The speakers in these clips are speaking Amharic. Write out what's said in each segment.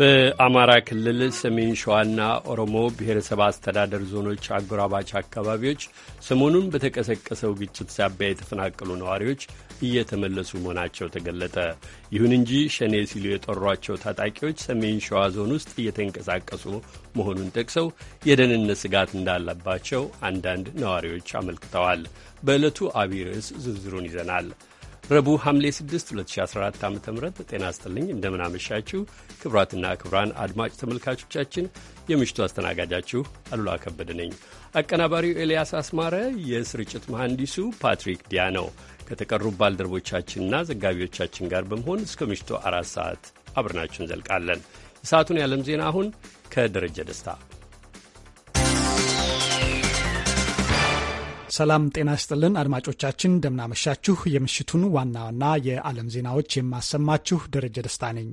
በአማራ ክልል ሰሜን ሸዋና ኦሮሞ ብሔረሰብ አስተዳደር ዞኖች አጎራባች አካባቢዎች ሰሞኑን በተቀሰቀሰው ግጭት ሳቢያ የተፈናቀሉ ነዋሪዎች እየተመለሱ መሆናቸው ተገለጠ። ይሁን እንጂ ሸኔ ሲሉ የጠሯቸው ታጣቂዎች ሰሜን ሸዋ ዞን ውስጥ እየተንቀሳቀሱ መሆኑን ጠቅሰው የደህንነት ስጋት እንዳለባቸው አንዳንድ ነዋሪዎች አመልክተዋል። በዕለቱ አቢርስ ርዕስ ዝርዝሩን ይዘናል። ረቡዕ ሐምሌ 6 2014 ዓ ም ጤና ስጥልኝ። እንደምናመሻችሁ ክቡራትና ክቡራን አድማጭ ተመልካቾቻችን የምሽቱ አስተናጋጃችሁ አሉላ ከበደ ነኝ። አቀናባሪው ኤልያስ አስማረ፣ የስርጭት መሐንዲሱ ፓትሪክ ዲያ ነው። ከተቀሩ ባልደረቦቻችንና ዘጋቢዎቻችን ጋር በመሆን እስከ ምሽቱ አራት ሰዓት አብረናችሁ እንዘልቃለን። የሰዓቱን የዓለም ዜና አሁን ከደረጀ ደስታ ሰላም ጤና ይስጥልን አድማጮቻችን፣ እንደምናመሻችሁ። የምሽቱን ዋና ዋና የዓለም ዜናዎች የማሰማችሁ ደረጀ ደስታ ነኝ።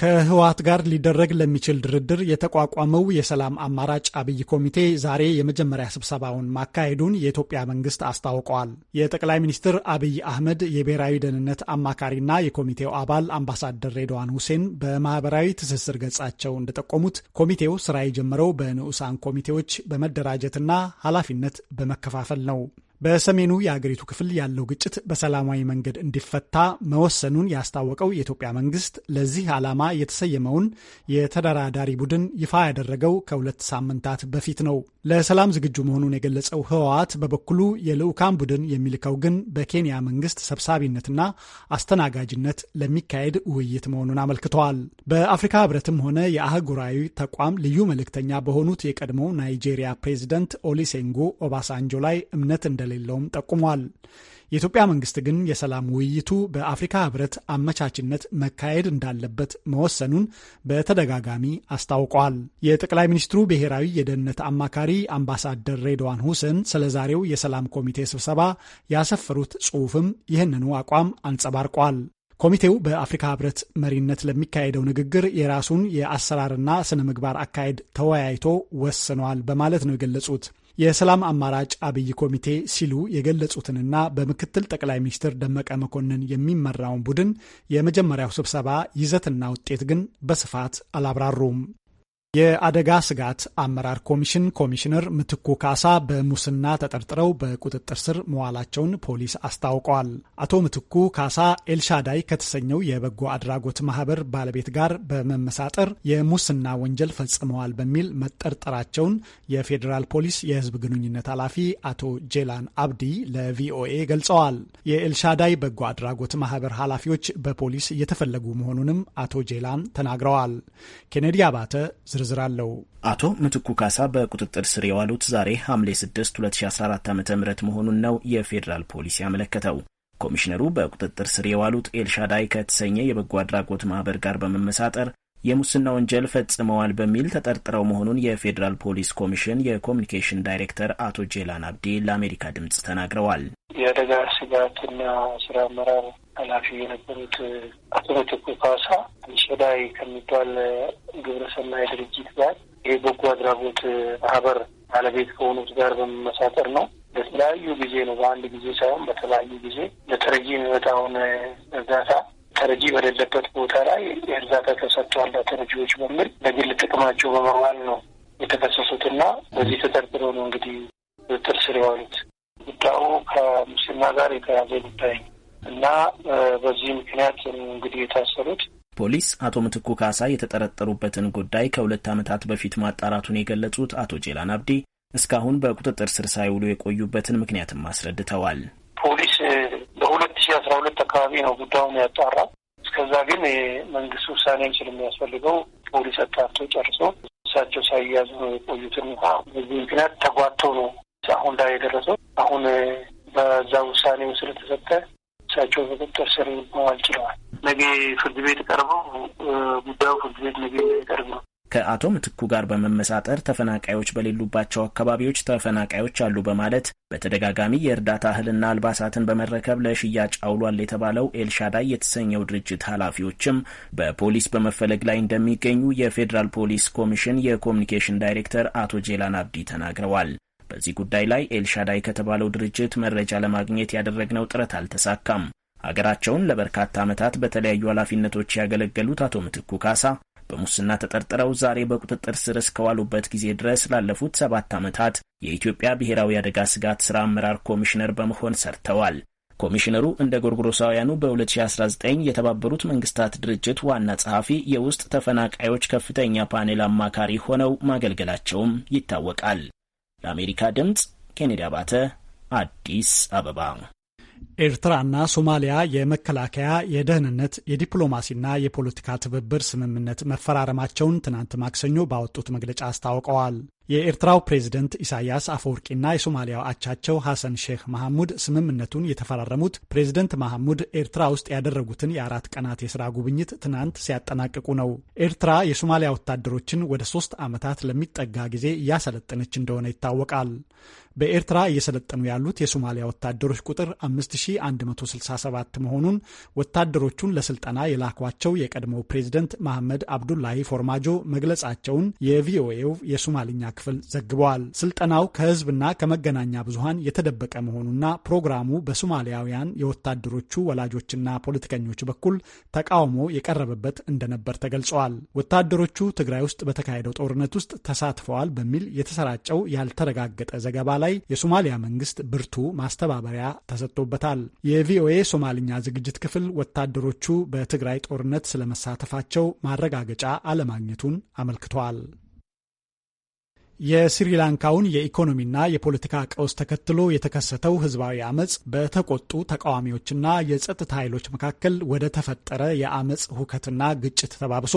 ከህወሓት ጋር ሊደረግ ለሚችል ድርድር የተቋቋመው የሰላም አማራጭ አብይ ኮሚቴ ዛሬ የመጀመሪያ ስብሰባውን ማካሄዱን የኢትዮጵያ መንግስት አስታውቀዋል። የጠቅላይ ሚኒስትር አብይ አህመድ የብሔራዊ ደህንነት አማካሪና የኮሚቴው አባል አምባሳደር ሬድዋን ሁሴን በማህበራዊ ትስስር ገጻቸው እንደጠቆሙት ኮሚቴው ስራ የጀመረው በንዑሳን ኮሚቴዎች በመደራጀትና ኃላፊነት በመከፋፈል ነው። በሰሜኑ የአገሪቱ ክፍል ያለው ግጭት በሰላማዊ መንገድ እንዲፈታ መወሰኑን ያስታወቀው የኢትዮጵያ መንግስት ለዚህ ዓላማ የተሰየመውን የተደራዳሪ ቡድን ይፋ ያደረገው ከሁለት ሳምንታት በፊት ነው። ለሰላም ዝግጁ መሆኑን የገለጸው ህወሓት በበኩሉ የልዑካን ቡድን የሚልከው ግን በኬንያ መንግስት ሰብሳቢነትና አስተናጋጅነት ለሚካሄድ ውይይት መሆኑን አመልክተዋል። በአፍሪካ ህብረትም ሆነ የአህጉራዊ ተቋም ልዩ መልእክተኛ በሆኑት የቀድሞው ናይጄሪያ ፕሬዚደንት ኦሊሴንጎ ኦባሳንጆ ላይ እምነት እንደ እንደሌለውም ጠቁሟል። የኢትዮጵያ መንግስት ግን የሰላም ውይይቱ በአፍሪካ ህብረት አመቻችነት መካሄድ እንዳለበት መወሰኑን በተደጋጋሚ አስታውቋል። የጠቅላይ ሚኒስትሩ ብሔራዊ የደህንነት አማካሪ አምባሳደር ሬድዋን ሁሴን ስለ ዛሬው የሰላም ኮሚቴ ስብሰባ ያሰፈሩት ጽሑፍም ይህንኑ አቋም አንጸባርቋል። ኮሚቴው በአፍሪካ ህብረት መሪነት ለሚካሄደው ንግግር የራሱን የአሰራርና ስነ ምግባር አካሄድ ተወያይቶ ወስኗል በማለት ነው የገለጹት። የሰላም አማራጭ አብይ ኮሚቴ ሲሉ የገለጹትንና በምክትል ጠቅላይ ሚኒስትር ደመቀ መኮንን የሚመራውን ቡድን የመጀመሪያው ስብሰባ ይዘትና ውጤት ግን በስፋት አላብራሩም። የአደጋ ስጋት አመራር ኮሚሽን ኮሚሽነር ምትኩ ካሳ በሙስና ተጠርጥረው በቁጥጥር ስር መዋላቸውን ፖሊስ አስታውቀዋል። አቶ ምትኩ ካሳ ኤልሻዳይ ከተሰኘው የበጎ አድራጎት ማህበር ባለቤት ጋር በመመሳጠር የሙስና ወንጀል ፈጽመዋል በሚል መጠርጠራቸውን የፌዴራል ፖሊስ የህዝብ ግንኙነት ኃላፊ አቶ ጄላን አብዲ ለቪኦኤ ገልጸዋል። የኤልሻዳይ በጎ አድራጎት ማህበር ኃላፊዎች በፖሊስ እየተፈለጉ መሆኑንም አቶ ጄላን ተናግረዋል። ኬኔዲ አባተ ዝርዝር አለው። አቶ ምትኩ ካሳ በቁጥጥር ስር የዋሉት ዛሬ ሐምሌ 6 2014 ዓ ም መሆኑን ነው የፌዴራል ፖሊስ ያመለከተው። ኮሚሽነሩ በቁጥጥር ስር የዋሉት ኤልሻዳይ ከተሰኘ የበጎ አድራጎት ማህበር ጋር በመመሳጠር የሙስና ወንጀል ፈጽመዋል በሚል ተጠርጥረው መሆኑን የፌዴራል ፖሊስ ኮሚሽን የኮሚኒኬሽን ዳይሬክተር አቶ ጄላን አብዲ ለአሜሪካ ድምጽ ተናግረዋል። የአደጋ ስጋትና ስራ አመራር ኃላፊ የነበሩት አቶ ምትኩ ካሳ ሸዳይ ከሚባል ግብረሰናይ ድርጅት ጋር ይህ በጎ አድራጎት ማህበር ባለቤት ከሆኑት ጋር በመመሳጠር ነው። በተለያዩ ጊዜ ነው፣ በአንድ ጊዜ ሳይሆን በተለያዩ ጊዜ ለተረጂ የሚመጣውን እርዳታ ተረጂ በሌለበት ቦታ ላይ እርዳታ ተሰጥቷል ተረጂዎች በሚል ለግል ጥቅማቸው በመዋል ነው የተከሰሱትና በዚህ ተጠርጥረው ነው እንግዲህ ቁጥጥር ስር የዋሉት። ጉዳዩ ከሙስና ጋር የተያዘ ጉዳይ እና በዚህ ምክንያት እንግዲህ የታሰሩት ፖሊስ አቶ ምትኩ ካሳ የተጠረጠሩበትን ጉዳይ ከሁለት ዓመታት በፊት ማጣራቱን የገለጹት አቶ ጄላን አብዲ እስካሁን በቁጥጥር ስር ሳይውሉ የቆዩበትን ምክንያትም አስረድተዋል። ፖሊስ አካባቢ ነው ጉዳዩን ያጣራው። እስከዛ ግን የመንግስት ውሳኔም ስለሚያስፈልገው ፖሊስ አጣርቶ ጨርሶ እሳቸው ሳይያዙ ነው የቆዩትን ውሃ በዚህ ምክንያት ተጓቶ ነው አሁን ላይ የደረሰው። አሁን በዛ ውሳኔው ስለተሰጠ እሳቸው በቁጥጥር ስር መዋል ችለዋል። ነገ ፍርድ ቤት ቀርበው ጉዳዩ ፍርድ ቤት ነገ ቀርብ ነው ከአቶ ምትኩ ጋር በመመሳጠር ተፈናቃዮች በሌሉባቸው አካባቢዎች ተፈናቃዮች አሉ በማለት በተደጋጋሚ የእርዳታ እህልና አልባሳትን በመረከብ ለሽያጭ አውሏል የተባለው ኤልሻዳይ የተሰኘው ድርጅት ኃላፊዎችም በፖሊስ በመፈለግ ላይ እንደሚገኙ የፌዴራል ፖሊስ ኮሚሽን የኮሚኒኬሽን ዳይሬክተር አቶ ጄላን አብዲ ተናግረዋል። በዚህ ጉዳይ ላይ ኤልሻዳይ ከተባለው ድርጅት መረጃ ለማግኘት ያደረግነው ጥረት አልተሳካም። ሀገራቸውን ለበርካታ ዓመታት በተለያዩ ኃላፊነቶች ያገለገሉት አቶ ምትኩ ካሳ በሙስና ተጠርጥረው ዛሬ በቁጥጥር ስር እስከዋሉበት ጊዜ ድረስ ላለፉት ሰባት ዓመታት የኢትዮጵያ ብሔራዊ አደጋ ስጋት ሥራ አመራር ኮሚሽነር በመሆን ሰርተዋል። ኮሚሽነሩ እንደ ጎርጎሮሳውያኑ በ2019 የተባበሩት መንግስታት ድርጅት ዋና ጸሐፊ የውስጥ ተፈናቃዮች ከፍተኛ ፓኔል አማካሪ ሆነው ማገልገላቸውም ይታወቃል። ለአሜሪካ ድምፅ ኬኔዲ አባተ አዲስ አበባ ኤርትራና ሶማሊያ የመከላከያ፣ የደህንነት፣ የዲፕሎማሲና የፖለቲካ ትብብር ስምምነት መፈራረማቸውን ትናንት ማክሰኞ ባወጡት መግለጫ አስታውቀዋል። የኤርትራው ፕሬዝደንት ኢሳያስ አፈወርቂና የሶማሊያው አቻቸው ሐሰን ሼህ መሐሙድ ስምምነቱን የተፈራረሙት ፕሬዝደንት መሐሙድ ኤርትራ ውስጥ ያደረጉትን የአራት ቀናት የሥራ ጉብኝት ትናንት ሲያጠናቅቁ ነው። ኤርትራ የሶማሊያ ወታደሮችን ወደ ሶስት ዓመታት ለሚጠጋ ጊዜ እያሰለጠነች እንደሆነ ይታወቃል። በኤርትራ እየሰለጠኑ ያሉት የሶማሊያ ወታደሮች ቁጥር 5167 መሆኑን ወታደሮቹን ለስልጠና የላኳቸው የቀድሞው ፕሬዝደንት መሐመድ አብዱላሂ ፎርማጆ መግለጻቸውን የቪኦኤው የሶማልኛ ክፍል ዘግበዋል። ስልጠናው ከህዝብና ከመገናኛ ብዙሃን የተደበቀ መሆኑና ፕሮግራሙ በሶማሊያውያን የወታደሮቹ ወላጆችና ፖለቲከኞች በኩል ተቃውሞ የቀረበበት እንደነበር ተገልጸዋል። ወታደሮቹ ትግራይ ውስጥ በተካሄደው ጦርነት ውስጥ ተሳትፈዋል በሚል የተሰራጨው ያልተረጋገጠ ዘገባ ላይ ላይ የሶማሊያ መንግስት ብርቱ ማስተባበሪያ ተሰጥቶበታል። የቪኦኤ ሶማልኛ ዝግጅት ክፍል ወታደሮቹ በትግራይ ጦርነት ስለመሳተፋቸው ማረጋገጫ አለማግኘቱን አመልክተዋል። የስሪላንካውን የኢኮኖሚና የፖለቲካ ቀውስ ተከትሎ የተከሰተው ህዝባዊ አመፅ በተቆጡ ተቃዋሚዎችና የጸጥታ ኃይሎች መካከል ወደ ተፈጠረ የአመፅ ሁከትና ግጭት ተባብሶ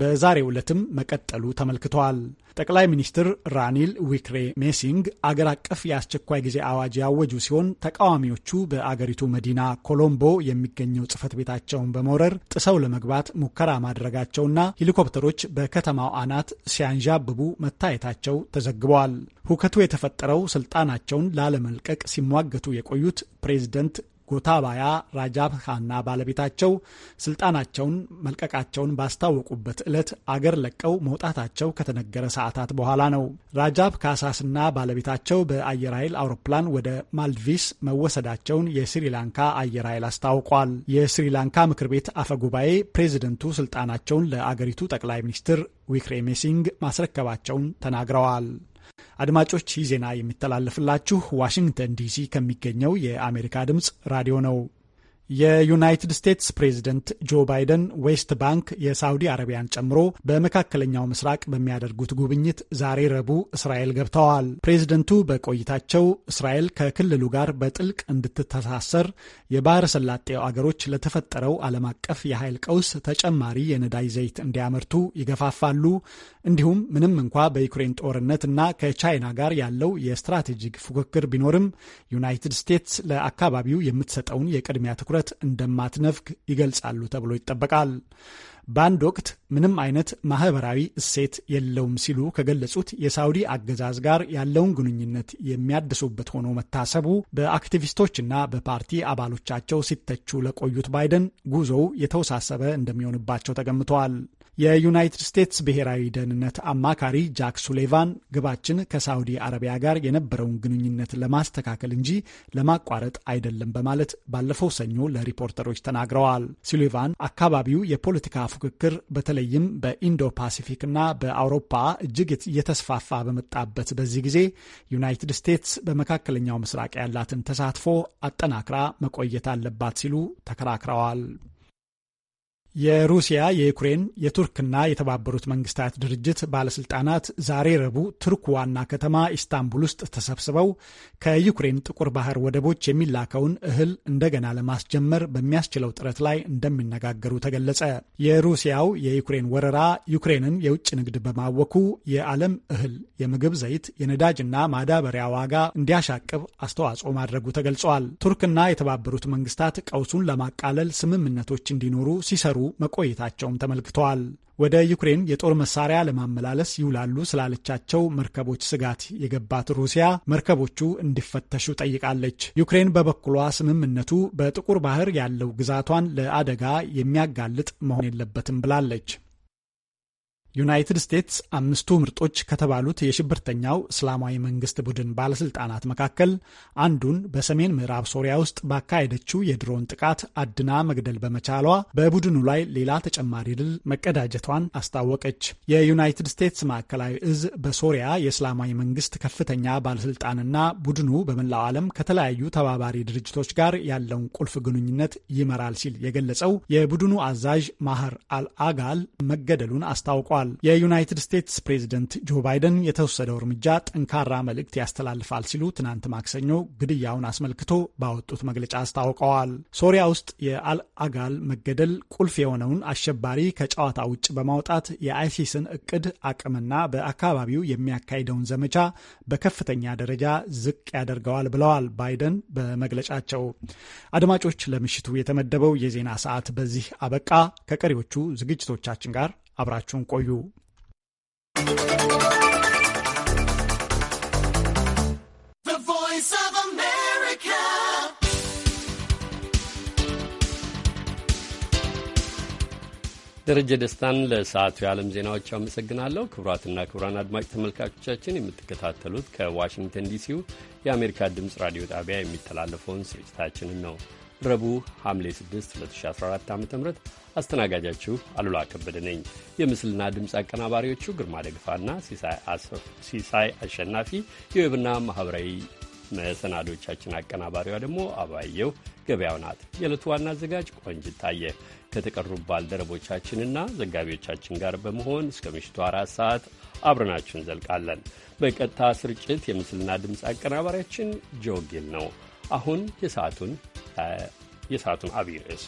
በዛሬው ዕለትም መቀጠሉ ተመልክተዋል። ጠቅላይ ሚኒስትር ራኒል ዊክሬ ሜሲንግ አገር አቀፍ የአስቸኳይ ጊዜ አዋጅ ያወጁ ሲሆን ተቃዋሚዎቹ በአገሪቱ መዲና ኮሎምቦ የሚገኘው ጽህፈት ቤታቸውን በመውረር ጥሰው ለመግባት ሙከራ ማድረጋቸውና ሄሊኮፕተሮች በከተማው አናት ሲያንዣብቡ መታየታቸው ተዘግበዋል። ሁከቱ የተፈጠረው ስልጣናቸውን ላለመልቀቅ ሲሟገቱ የቆዩት ፕሬዝደንት ጎታባያ ራጃብሃና ባለቤታቸው ስልጣናቸውን መልቀቃቸውን ባስታወቁበት ዕለት አገር ለቀው መውጣታቸው ከተነገረ ሰዓታት በኋላ ነው። ራጃብ ካሳስና ባለቤታቸው በአየር ኃይል አውሮፕላን ወደ ማልዲቭስ መወሰዳቸውን የስሪላንካ አየር ኃይል አስታውቋል። የስሪላንካ ምክር ቤት አፈ ጉባኤ ፕሬዚደንቱ ስልጣናቸውን ለአገሪቱ ጠቅላይ ሚኒስትር ዊክሬሜሲንግ ማስረከባቸውን ተናግረዋል። አድማጮች ይህ ዜና የሚተላለፍላችሁ ዋሽንግተን ዲሲ ከሚገኘው የአሜሪካ ድምፅ ራዲዮ ነው። የዩናይትድ ስቴትስ ፕሬዝደንት ጆ ባይደን ዌስት ባንክ የሳውዲ አረቢያን ጨምሮ በመካከለኛው ምስራቅ በሚያደርጉት ጉብኝት ዛሬ ረቡዕ እስራኤል ገብተዋል። ፕሬዝደንቱ በቆይታቸው እስራኤል ከክልሉ ጋር በጥልቅ እንድትተሳሰር፣ የባህረ ሰላጤው አገሮች ለተፈጠረው ዓለም አቀፍ የኃይል ቀውስ ተጨማሪ የነዳጅ ዘይት እንዲያመርቱ ይገፋፋሉ፣ እንዲሁም ምንም እንኳ በዩክሬን ጦርነት እና ከቻይና ጋር ያለው የስትራቴጂክ ፉክክር ቢኖርም ዩናይትድ ስቴትስ ለአካባቢው የምትሰጠውን የቅድሚያ ትኩረት እንደማትነፍግ ይገልጻሉ ተብሎ ይጠበቃል። በአንድ ወቅት ምንም አይነት ማህበራዊ እሴት የለውም ሲሉ ከገለጹት የሳውዲ አገዛዝ ጋር ያለውን ግንኙነት የሚያድሱበት ሆኖ መታሰቡ በአክቲቪስቶችና በፓርቲ አባሎቻቸው ሲተቹ ለቆዩት ባይደን ጉዞው የተወሳሰበ እንደሚሆንባቸው ተገምተዋል። የዩናይትድ ስቴትስ ብሔራዊ ደህንነት አማካሪ ጃክ ሱሌቫን ግባችን ከሳውዲ አረቢያ ጋር የነበረውን ግንኙነት ለማስተካከል እንጂ ለማቋረጥ አይደለም በማለት ባለፈው ሰኞ ለሪፖርተሮች ተናግረዋል። ሱሌቫን አካባቢው የፖለቲካ ፉክክር በተለይም በኢንዶ ፓሲፊክ እና በአውሮፓ እጅግ እየተስፋፋ በመጣበት በዚህ ጊዜ ዩናይትድ ስቴትስ በመካከለኛው ምስራቅ ያላትን ተሳትፎ አጠናክራ መቆየት አለባት ሲሉ ተከራክረዋል። የሩሲያ የዩክሬን የቱርክና የተባበሩት መንግስታት ድርጅት ባለስልጣናት ዛሬ ረቡዕ ቱርክ ዋና ከተማ ኢስታንቡል ውስጥ ተሰብስበው ከዩክሬን ጥቁር ባህር ወደቦች የሚላከውን እህል እንደገና ለማስጀመር በሚያስችለው ጥረት ላይ እንደሚነጋገሩ ተገለጸ። የሩሲያው የዩክሬን ወረራ ዩክሬንን የውጭ ንግድ በማወኩ የዓለም እህል፣ የምግብ ዘይት፣ የነዳጅና ማዳበሪያ ዋጋ እንዲያሻቅብ አስተዋጽኦ ማድረጉ ተገልጿል። ቱርክና የተባበሩት መንግስታት ቀውሱን ለማቃለል ስምምነቶች እንዲኖሩ ሲሰሩ መቆየታቸውም ተመልክተዋል። ወደ ዩክሬን የጦር መሳሪያ ለማመላለስ ይውላሉ ስላለቻቸው መርከቦች ስጋት የገባት ሩሲያ መርከቦቹ እንዲፈተሹ ጠይቃለች። ዩክሬን በበኩሏ ስምምነቱ በጥቁር ባህር ያለው ግዛቷን ለአደጋ የሚያጋልጥ መሆን የለበትም ብላለች። ዩናይትድ ስቴትስ አምስቱ ምርጦች ከተባሉት የሽብርተኛው እስላማዊ መንግስት ቡድን ባለስልጣናት መካከል አንዱን በሰሜን ምዕራብ ሶሪያ ውስጥ ባካሄደችው የድሮን ጥቃት አድና መግደል በመቻሏ በቡድኑ ላይ ሌላ ተጨማሪ ድል መቀዳጀቷን አስታወቀች። የዩናይትድ ስቴትስ ማዕከላዊ እዝ በሶሪያ የእስላማዊ መንግስት ከፍተኛ ባለስልጣንና ቡድኑ በመላው ዓለም ከተለያዩ ተባባሪ ድርጅቶች ጋር ያለውን ቁልፍ ግንኙነት ይመራል ሲል የገለጸው የቡድኑ አዛዥ ማህር አልአጋል መገደሉን አስታውቋል። ተናግረዋል። የዩናይትድ ስቴትስ ፕሬዚደንት ጆ ባይደን የተወሰደው እርምጃ ጠንካራ መልእክት ያስተላልፋል ሲሉ ትናንት ማክሰኞ ግድያውን አስመልክቶ ባወጡት መግለጫ አስታውቀዋል። ሶሪያ ውስጥ የአልአጋል መገደል ቁልፍ የሆነውን አሸባሪ ከጨዋታ ውጭ በማውጣት የአይሲስን እቅድ አቅምና በአካባቢው የሚያካሂደውን ዘመቻ በከፍተኛ ደረጃ ዝቅ ያደርገዋል ብለዋል ባይደን በመግለጫቸው። አድማጮች፣ ለምሽቱ የተመደበው የዜና ሰዓት በዚህ አበቃ። ከቀሪዎቹ ዝግጅቶቻችን ጋር አብራችሁን ቆዩ። ደረጀ ደስታን ለሰዓቱ የዓለም ዜናዎች አመሰግናለሁ። ክቡራትና ክቡራን አድማጭ ተመልካቾቻችን የምትከታተሉት ከዋሽንግተን ዲሲው የአሜሪካ ድምፅ ራዲዮ ጣቢያ የሚተላለፈውን ስርጭታችንን ነው። ረቡዕ ሐምሌ 6 2014 ዓ ም አስተናጋጃችሁ አሉላ ከበደ ነኝ። የምስልና ድምፅ አቀናባሪዎቹ ግርማ ደግፋና ሲሳይ አሸናፊ፣ የዌብና ማኅበራዊ መሰናዶቻችን አቀናባሪዋ ደግሞ አባየው ገበያው ናት። የዕለቱ ዋና አዘጋጅ ቆንጅት ታየ ከተቀሩ ባልደረቦቻችንና ዘጋቢዎቻችን ጋር በመሆን እስከ ምሽቱ አራት ሰዓት አብረናችሁ እንዘልቃለን። በቀጥታ ስርጭት የምስልና ድምፅ አቀናባሪያችን ጆጊል ነው። አሁን የሰዓቱን የሰዓቱ አብይ ርዕስ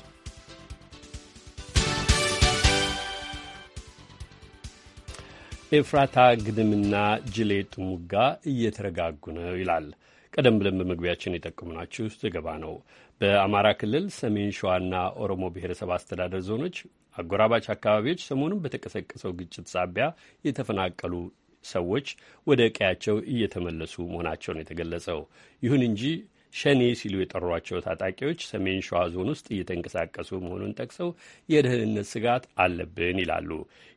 ኤፍራታ ግድምና ጅሌ ጥሙጋ እየተረጋጉ ነው ይላል። ቀደም ብለን በመግቢያችን የጠቆምናችሁ ዘገባ ነው። በአማራ ክልል ሰሜን ሸዋና ኦሮሞ ብሔረሰብ አስተዳደር ዞኖች አጎራባች አካባቢዎች ሰሞኑን በተቀሰቀሰው ግጭት ሳቢያ የተፈናቀሉ ሰዎች ወደ ቀያቸው እየተመለሱ መሆናቸውን የተገለጸው ይሁን እንጂ ሸኔ ሲሉ የጠሯቸው ታጣቂዎች ሰሜን ሸዋ ዞን ውስጥ እየተንቀሳቀሱ መሆኑን ጠቅሰው የደህንነት ስጋት አለብን ይላሉ።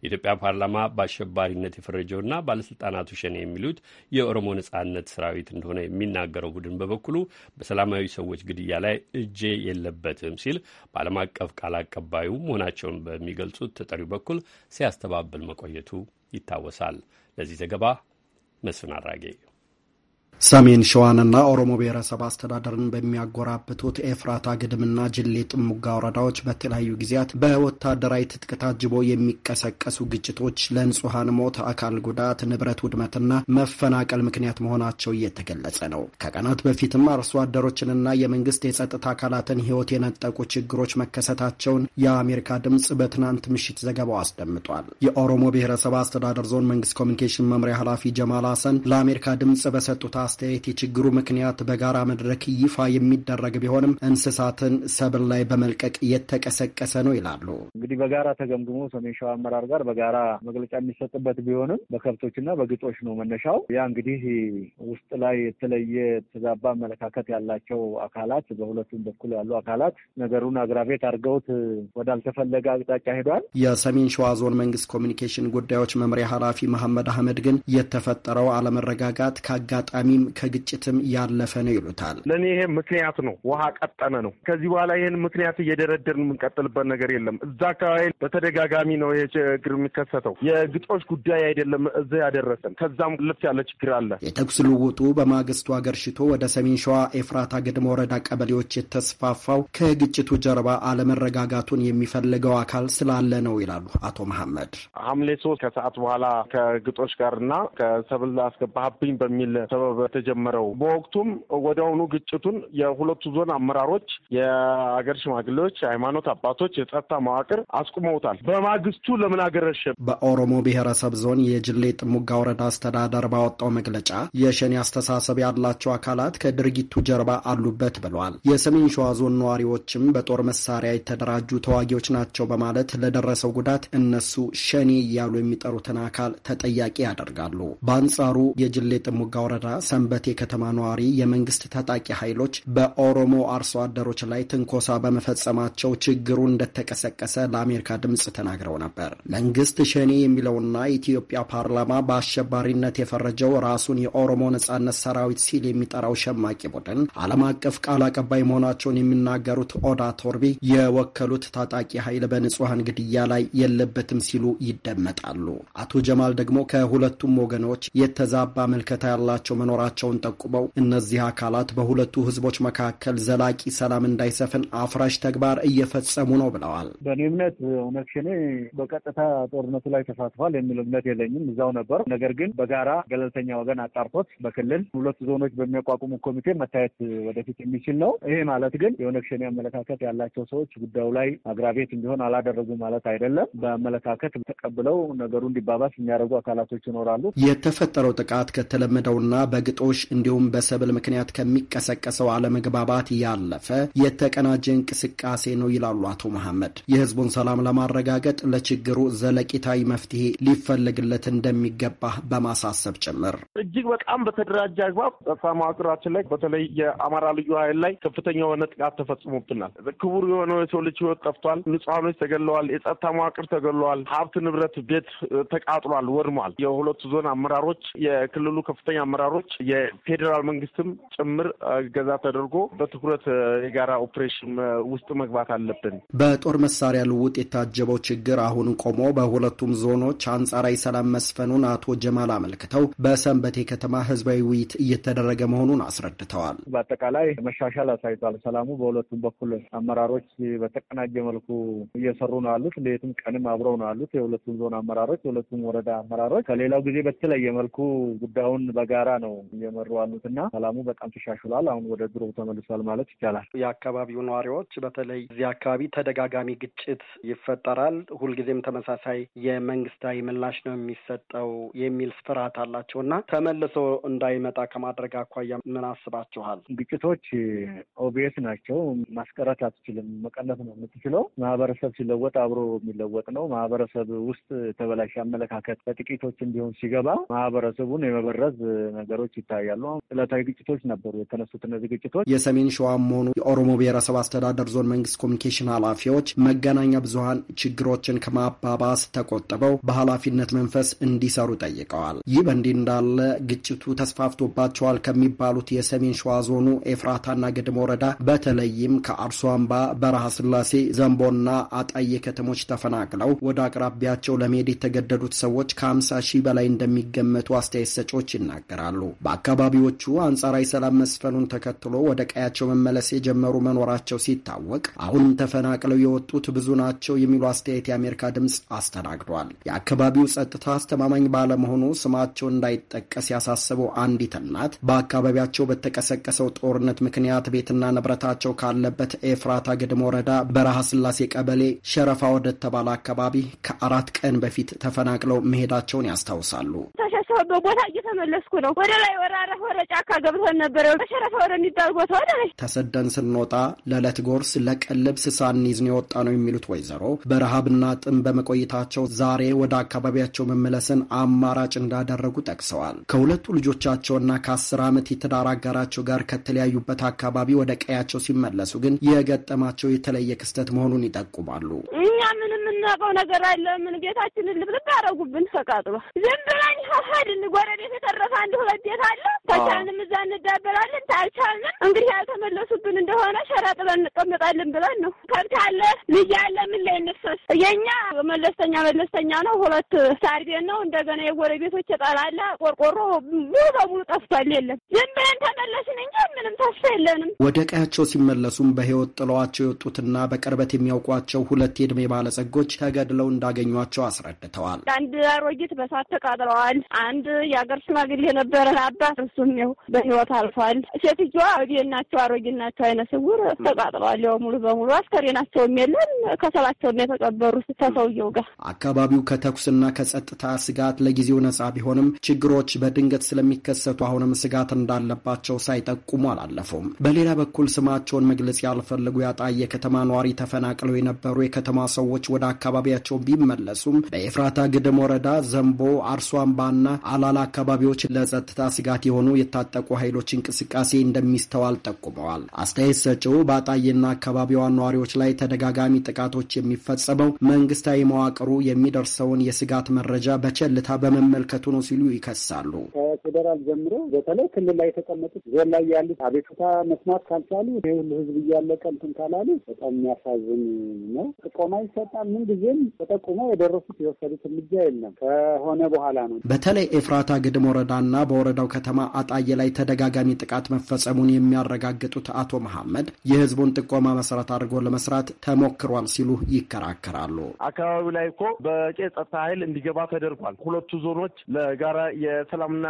የኢትዮጵያ ፓርላማ በአሸባሪነት የፈረጀውና ባለስልጣናቱ ሸኔ የሚሉት የኦሮሞ ነጻነት ሰራዊት እንደሆነ የሚናገረው ቡድን በበኩሉ በሰላማዊ ሰዎች ግድያ ላይ እጄ የለበትም ሲል በዓለም አቀፍ ቃል አቀባዩ መሆናቸውን በሚገልጹት ተጠሪው በኩል ሲያስተባብል መቆየቱ ይታወሳል። ለዚህ ዘገባ መስፍን አራጌ ሰሜን ሸዋንና ኦሮሞ ብሔረሰብ አስተዳደርን በሚያጎራብቱት ኤፍራታ ግድምና ጅሌ ጥሙጋ ወረዳዎች በተለያዩ ጊዜያት በወታደራዊ ትጥቅ ታጅቦ የሚቀሰቀሱ ግጭቶች ለንጹሐን ሞት፣ አካል ጉዳት፣ ንብረት ውድመትና መፈናቀል ምክንያት መሆናቸው እየተገለጸ ነው። ከቀናት በፊትም አርሶ አደሮችንና የመንግስት የጸጥታ አካላትን ሕይወት የነጠቁ ችግሮች መከሰታቸውን የአሜሪካ ድምፅ በትናንት ምሽት ዘገባው አስደምጧል። የኦሮሞ ብሔረሰብ አስተዳደር ዞን መንግስት ኮሚኒኬሽን መምሪያ ኃላፊ ጀማል ሀሰን ለአሜሪካ ድምፅ በሰጡት አስተያየት የችግሩ ምክንያት በጋራ መድረክ ይፋ የሚደረግ ቢሆንም እንስሳትን ሰብል ላይ በመልቀቅ የተቀሰቀሰ ነው ይላሉ። እንግዲህ በጋራ ተገምግሞ ሰሜን ሸዋ አመራር ጋር በጋራ መግለጫ የሚሰጥበት ቢሆንም በከብቶችና በግጦሽ ነው መነሻው። ያ እንግዲህ ውስጥ ላይ የተለየ ተዛባ አመለካከት ያላቸው አካላት፣ በሁለቱም በኩል ያሉ አካላት ነገሩን አግራቤት አድርገውት ወዳልተፈለገ አቅጣጫ ሄዷል። የሰሜን ሸዋ ዞን መንግስት ኮሚኒኬሽን ጉዳዮች መምሪያ ኃላፊ መሐመድ አህመድ ግን የተፈጠረው አለመረጋጋት ከአጋጣሚ ከኢኮኖሚም ከግጭትም ያለፈ ነው ይሉታል። ለእኔ ይሄ ምክንያት ነው፣ ውሃ ቀጠነ ነው። ከዚህ በኋላ ይህን ምክንያት እየደረደርን የምንቀጥልበት ነገር የለም። እዛ አካባቢ በተደጋጋሚ ነው ይሄ ችግር የሚከሰተው። የግጦሽ ጉዳይ አይደለም እዚህ ያደረሰን። ከዛም ለፍ ያለ ችግር አለ። የተኩስ ልውጡ በማግስቱ አገርሽቶ ወደ ሰሜን ሸዋ ኤፍራታ ግድመ ወረዳ ቀበሌዎች የተስፋፋው ከግጭቱ ጀርባ አለመረጋጋቱን የሚፈልገው አካል ስላለ ነው ይላሉ አቶ መሐመድ። ሐምሌ ሶስት ከሰዓት በኋላ ከግጦሽ ጋር እና ከሰብል አስገባህብኝ በሚል ሰበብ በተጀመረው በወቅቱም ወዲያውኑ ግጭቱን የሁለቱ ዞን አመራሮች፣ የአገር ሽማግሌዎች፣ የሃይማኖት አባቶች፣ የጸጥታ መዋቅር አስቁመውታል። በማግስቱ ለምን አገረሸ? በኦሮሞ ብሔረሰብ ዞን የጅሌ ጥሙጋ ወረዳ አስተዳደር ባወጣው መግለጫ የሸኔ አስተሳሰብ ያላቸው አካላት ከድርጊቱ ጀርባ አሉበት ብለዋል። የሰሜን ሸዋ ዞን ነዋሪዎችም በጦር መሳሪያ የተደራጁ ተዋጊዎች ናቸው በማለት ለደረሰው ጉዳት እነሱ ሸኔ እያሉ የሚጠሩትን አካል ተጠያቂ ያደርጋሉ። በአንጻሩ የጅሌ ጥሙጋ ወረዳ ሰንበቴ ከተማ ነዋሪ የመንግስት ታጣቂ ኃይሎች በኦሮሞ አርሶ አደሮች ላይ ትንኮሳ በመፈጸማቸው ችግሩ እንደተቀሰቀሰ ለአሜሪካ ድምፅ ተናግረው ነበር። መንግስት ሸኔ የሚለውና ኢትዮጵያ ፓርላማ በአሸባሪነት የፈረጀው ራሱን የኦሮሞ ነጻነት ሰራዊት ሲል የሚጠራው ሸማቂ ቡድን ዓለም አቀፍ ቃል አቀባይ መሆናቸውን የሚናገሩት ኦዳ ቶርቢ የወከሉት ታጣቂ ኃይል በንጹሐን ግድያ ላይ የለበትም ሲሉ ይደመጣሉ። አቶ ጀማል ደግሞ ከሁለቱም ወገኖች የተዛባ ምልከታ ያላቸው መኖራ መኖራቸውን ጠቁመው እነዚህ አካላት በሁለቱ ህዝቦች መካከል ዘላቂ ሰላም እንዳይሰፍን አፍራሽ ተግባር እየፈጸሙ ነው ብለዋል። በእኔ እምነት እውነት ሸኔ በቀጥታ ጦርነቱ ላይ ተሳትፏል የሚል እምነት የለኝም። እዛው ነበር። ነገር ግን በጋራ ገለልተኛ ወገን አጣርቶት በክልል ሁለቱ ዞኖች በሚያቋቁሙ ኮሚቴ መታየት ወደፊት የሚችል ነው። ይሄ ማለት ግን የኦነግ ሸኔ አመለካከት ያላቸው ሰዎች ጉዳዩ ላይ አግራቤት እንዲሆን አላደረጉ ማለት አይደለም። በአመለካከት ተቀብለው ነገሩ እንዲባባስ የሚያደርጉ አካላቶች ይኖራሉ። የተፈጠረው ጥቃት ከተለመደውና በግ ግጦሽ እንዲሁም በሰብል ምክንያት ከሚቀሰቀሰው አለመግባባት ያለፈ የተቀናጀ እንቅስቃሴ ነው ይላሉ አቶ መሐመድ። የህዝቡን ሰላም ለማረጋገጥ ለችግሩ ዘለቂታዊ መፍትሄ ሊፈለግለት እንደሚገባ በማሳሰብ ጭምር እጅግ በጣም በተደራጀ አግባብ ጸጥታ መዋቅራችን ላይ በተለይ የአማራ ልዩ ኃይል ላይ ከፍተኛ የሆነ ጥቃት ተፈጽሞብናል። ክቡር የሆነው የሰው ልጅ ህይወት ጠፍቷል። ንጹሐኖች ተገለዋል። የጸጥታ መዋቅር ተገለዋል። ሀብት ንብረት፣ ቤት ተቃጥሏል፣ ወድሟል። የሁለቱ ዞን አመራሮች፣ የክልሉ ከፍተኛ አመራሮች የፌዴራል መንግስትም ጭምር እገዛ ተደርጎ በትኩረት የጋራ ኦፕሬሽን ውስጥ መግባት አለብን። በጦር መሳሪያ ልውጥ የታጀበው ችግር አሁን ቆሞ በሁለቱም ዞኖች አንጻራዊ ሰላም መስፈኑን አቶ ጀማል አመልክተው በሰንበቴ ከተማ ህዝባዊ ውይይት እየተደረገ መሆኑን አስረድተዋል። በአጠቃላይ መሻሻል አሳይቷል። ሰላሙ በሁለቱም በኩል አመራሮች በተቀናጀ መልኩ እየሰሩ ነው ያሉት። ሌትም ቀንም አብረው ነው ያሉት። የሁለቱም ዞን አመራሮች፣ የሁለቱም ወረዳ አመራሮች ከሌላው ጊዜ በተለየ መልኩ ጉዳዩን በጋራ ነው እየመሩ አሉት እና ሰላሙ በጣም ተሻሽሏል። አሁን ወደ ድሮ ተመልሷል ማለት ይቻላል። የአካባቢው ነዋሪዎች በተለይ እዚህ አካባቢ ተደጋጋሚ ግጭት ይፈጠራል፣ ሁልጊዜም ተመሳሳይ የመንግስታዊ ምላሽ ነው የሚሰጠው የሚል ፍርሃት አላቸው እና ተመልሶ እንዳይመጣ ከማድረግ አኳያ ምን አስባችኋል? ግጭቶች ኦብየስ ናቸው። ማስቀረት አትችልም። መቀነስ ነው የምትችለው። ማህበረሰብ ሲለወጥ አብሮ የሚለወጥ ነው። ማህበረሰብ ውስጥ ተበላሽ አመለካከት በጥቂቶች እንዲሆን ሲገባ ማህበረሰቡን የመበረዝ ነገሮች ይታያሉ። ዕለታዊ ግጭቶች ነበሩ የተነሱት። እነዚህ ግጭቶች የሰሜን ሸዋም ሆኑ የኦሮሞ ብሔረሰብ አስተዳደር ዞን መንግስት ኮሚኒኬሽን ኃላፊዎች መገናኛ ብዙሀን ችግሮችን ከማባባስ ተቆጥበው በኃላፊነት መንፈስ እንዲሰሩ ጠይቀዋል። ይህ በእንዲህ እንዳለ ግጭቱ ተስፋፍቶባቸዋል ከሚባሉት የሰሜን ሸዋ ዞኑ ኤፍራታና ግድም ወረዳ በተለይም ከአርሶ አምባ፣ በረሃ ስላሴ፣ ዘንቦና አጣዬ ከተሞች ተፈናቅለው ወደ አቅራቢያቸው ለመሄድ የተገደዱት ሰዎች ከ50 ሺህ በላይ እንደሚገመቱ አስተያየት ሰጪዎች ይናገራሉ። በአካባቢዎቹ አንጻራዊ ሰላም መስፈኑን ተከትሎ ወደ ቀያቸው መመለስ የጀመሩ መኖራቸው ሲታወቅ አሁንም ተፈናቅለው የወጡት ብዙ ናቸው የሚሉ አስተያየት የአሜሪካ ድምፅ አስተናግዷል። የአካባቢው ጸጥታ አስተማማኝ ባለመሆኑ ስማቸው እንዳይጠቀስ ያሳሰበው አንዲት እናት በአካባቢያቸው በተቀሰቀሰው ጦርነት ምክንያት ቤትና ንብረታቸው ካለበት ኤፍራታ ግድም ወረዳ በረሃ ስላሴ ቀበሌ ሸረፋ ወደተባለ አካባቢ ከአራት ቀን በፊት ተፈናቅለው መሄዳቸውን ያስታውሳሉ። ቦታ እየተመለስኩ ነው ወደ ላይ ወራረፈ ወደ ጫካ ገብተን ነበረ። መሸረፈ ወደ የሚባል ቦታ ወደ ተሰደን ስንወጣ ለዕለት ጎርስ ለቀን ልብስ ሳንይዝ ነው የወጣ ነው የሚሉት ወይዘሮ በረሃብና ጥም በመቆየታቸው ዛሬ ወደ አካባቢያቸው መመለስን አማራጭ እንዳደረጉ ጠቅሰዋል። ከሁለቱ ልጆቻቸውና ከአስር ዓመት የትዳር አጋራቸው ጋር ከተለያዩበት አካባቢ ወደ ቀያቸው ሲመለሱ ግን የገጠማቸው የተለየ ክስተት መሆኑን ይጠቁማሉ። እኛ ምን የምናውቀው ነገር ምን ጌታችንን ልብልብ ያደረጉብን ተቃጥሎ ዝም ብላኝ ሀሀድን ጎረቤት የተረፈ አንድ ሁለት ቤት እንኖራለን። ተቻልንም እዛ እንዳበራለን። ታልቻልንም እንግዲህ ያልተመለሱብን እንደሆነ ሸራ ጥለን እንቀመጣለን ብለን ነው። ከብት አለ ልጅ አለ ምን ላይ እንፍሰስ? የእኛ መለስተኛ መለስተኛ ነው። ሁለት ሳር ቤት ነው። እንደገና የጎረቤቶች የጣላላ ቆርቆሮ ሙሉ በሙሉ ጠፍቷል። የለም ዝም ብለን ተመለስን እንጂ ምንም ተስፋ የለንም። ወደ ቀያቸው ሲመለሱም በህይወት ጥለዋቸው የወጡትና በቅርበት የሚያውቋቸው ሁለት የዕድሜ ባለጸጎች ተገድለው እንዳገኟቸው አስረድተዋል። አንድ አሮጊት በሳት ተቃጥለዋል። አንድ የአገር ሽማግሌ ነበረ አባት እሱም ያው በህይወት አልፏል። ሴትዮዋ እዴ ናቸው አሮጌ ናቸው፣ አይነ ስውር ተቃጥለዋል። ያው ሙሉ በሙሉ አስከሬናቸውም የለም ከሰላቸውና የተቀበሩት ተሰውየው ጋር። አካባቢው ከተኩስና ከጸጥታ ስጋት ለጊዜው ነጻ ቢሆንም ችግሮች በድንገት ስለሚከሰቱ አሁንም ስጋት እንዳለባቸው ሳይጠቁሙ አላለፉም። በሌላ በኩል ስማቸውን መግለጽ ያልፈለጉ ያጣ የከተማ ነዋሪ ተፈናቅለው የነበሩ የከተማ ሰዎች ወደ አካባቢያቸው ቢመለሱም በኤፍራታ ግድም ወረዳ ዘንቦ፣ አርሶ አምባና አላላ አካባቢዎች ለጸጥታ ስጋት የሆኑ የታጠቁ ኃይሎች እንቅስቃሴ እንደሚስተዋል ጠቁመዋል። አስተያየት ሰጪው በአጣዬና አካባቢዋ ነዋሪዎች ላይ ተደጋጋሚ ጥቃቶች የሚፈጸመው መንግስታዊ መዋቅሩ የሚደርሰውን የስጋት መረጃ በቸልታ በመመልከቱ ነው ሲሉ ይከሳሉ። ከፌዴራል ጀምሮ በተለይ ክልል ላይ የተቀመጡት ዞን ላይ ያሉት አቤቱታ መስማት ካልቻሉ ይህ ሁሉ ህዝብ እያለቀ እንትን ካላሉ በጣም የሚያሳዝን ነው። ጥቆማ ይሰጣል። ምንጊዜም ተጠቁሞ የደረሱት የወሰዱት እርምጃ የለም ከሆነ በኋላ ነው። በተለይ ኤፍራታ ግድም ወረዳና በወረዳው ከተማ አጣዬ ላይ ተደጋጋሚ ጥቃት መፈጸሙን የሚያረጋግጡት አቶ መሐመድ የህዝቡን ጥቆማ መሰረት አድርጎ ለመስራት ተሞክሯል ሲሉ ይከራከራሉ። አካባቢው ላይ እኮ በቂ ጸጥታ ኃይል እንዲገባ ተደርጓል። ሁለቱ ዞኖች ለጋራ የሰላምና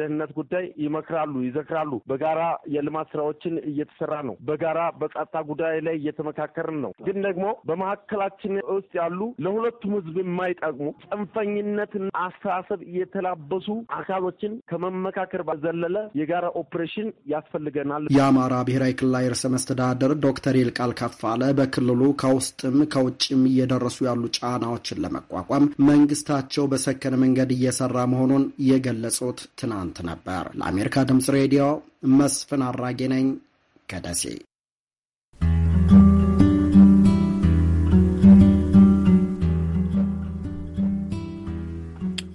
ደህንነት ጉዳይ ይመክራሉ፣ ይዘክራሉ። በጋራ የልማት ስራዎችን እየተሰራ ነው። በጋራ በጸጥታ ጉዳይ ላይ እየተመካከርን ነው። ግን ደግሞ በመካከላችን ውስጥ ያሉ ለሁለቱም ህዝብ የማይጠቅሙ ጽንፈኝነትን አስተሳሰብ የተላበሱ አካሎችን ከመመካ ከመመካከር ባዘለለ የጋራ ኦፕሬሽን ያስፈልገናል። የአማራ ብሔራዊ ክልላዊ ርዕሰ መስተዳደር ዶክተር ይልቃል ከፋለ በክልሉ ከውስጥም ከውጭም እየደረሱ ያሉ ጫናዎችን ለመቋቋም መንግስታቸው በሰከነ መንገድ እየሰራ መሆኑን የገለጹት ትናንት ነበር። ለአሜሪካ ድምጽ ሬዲዮ መስፍን አራጌ ነኝ ከደሴ።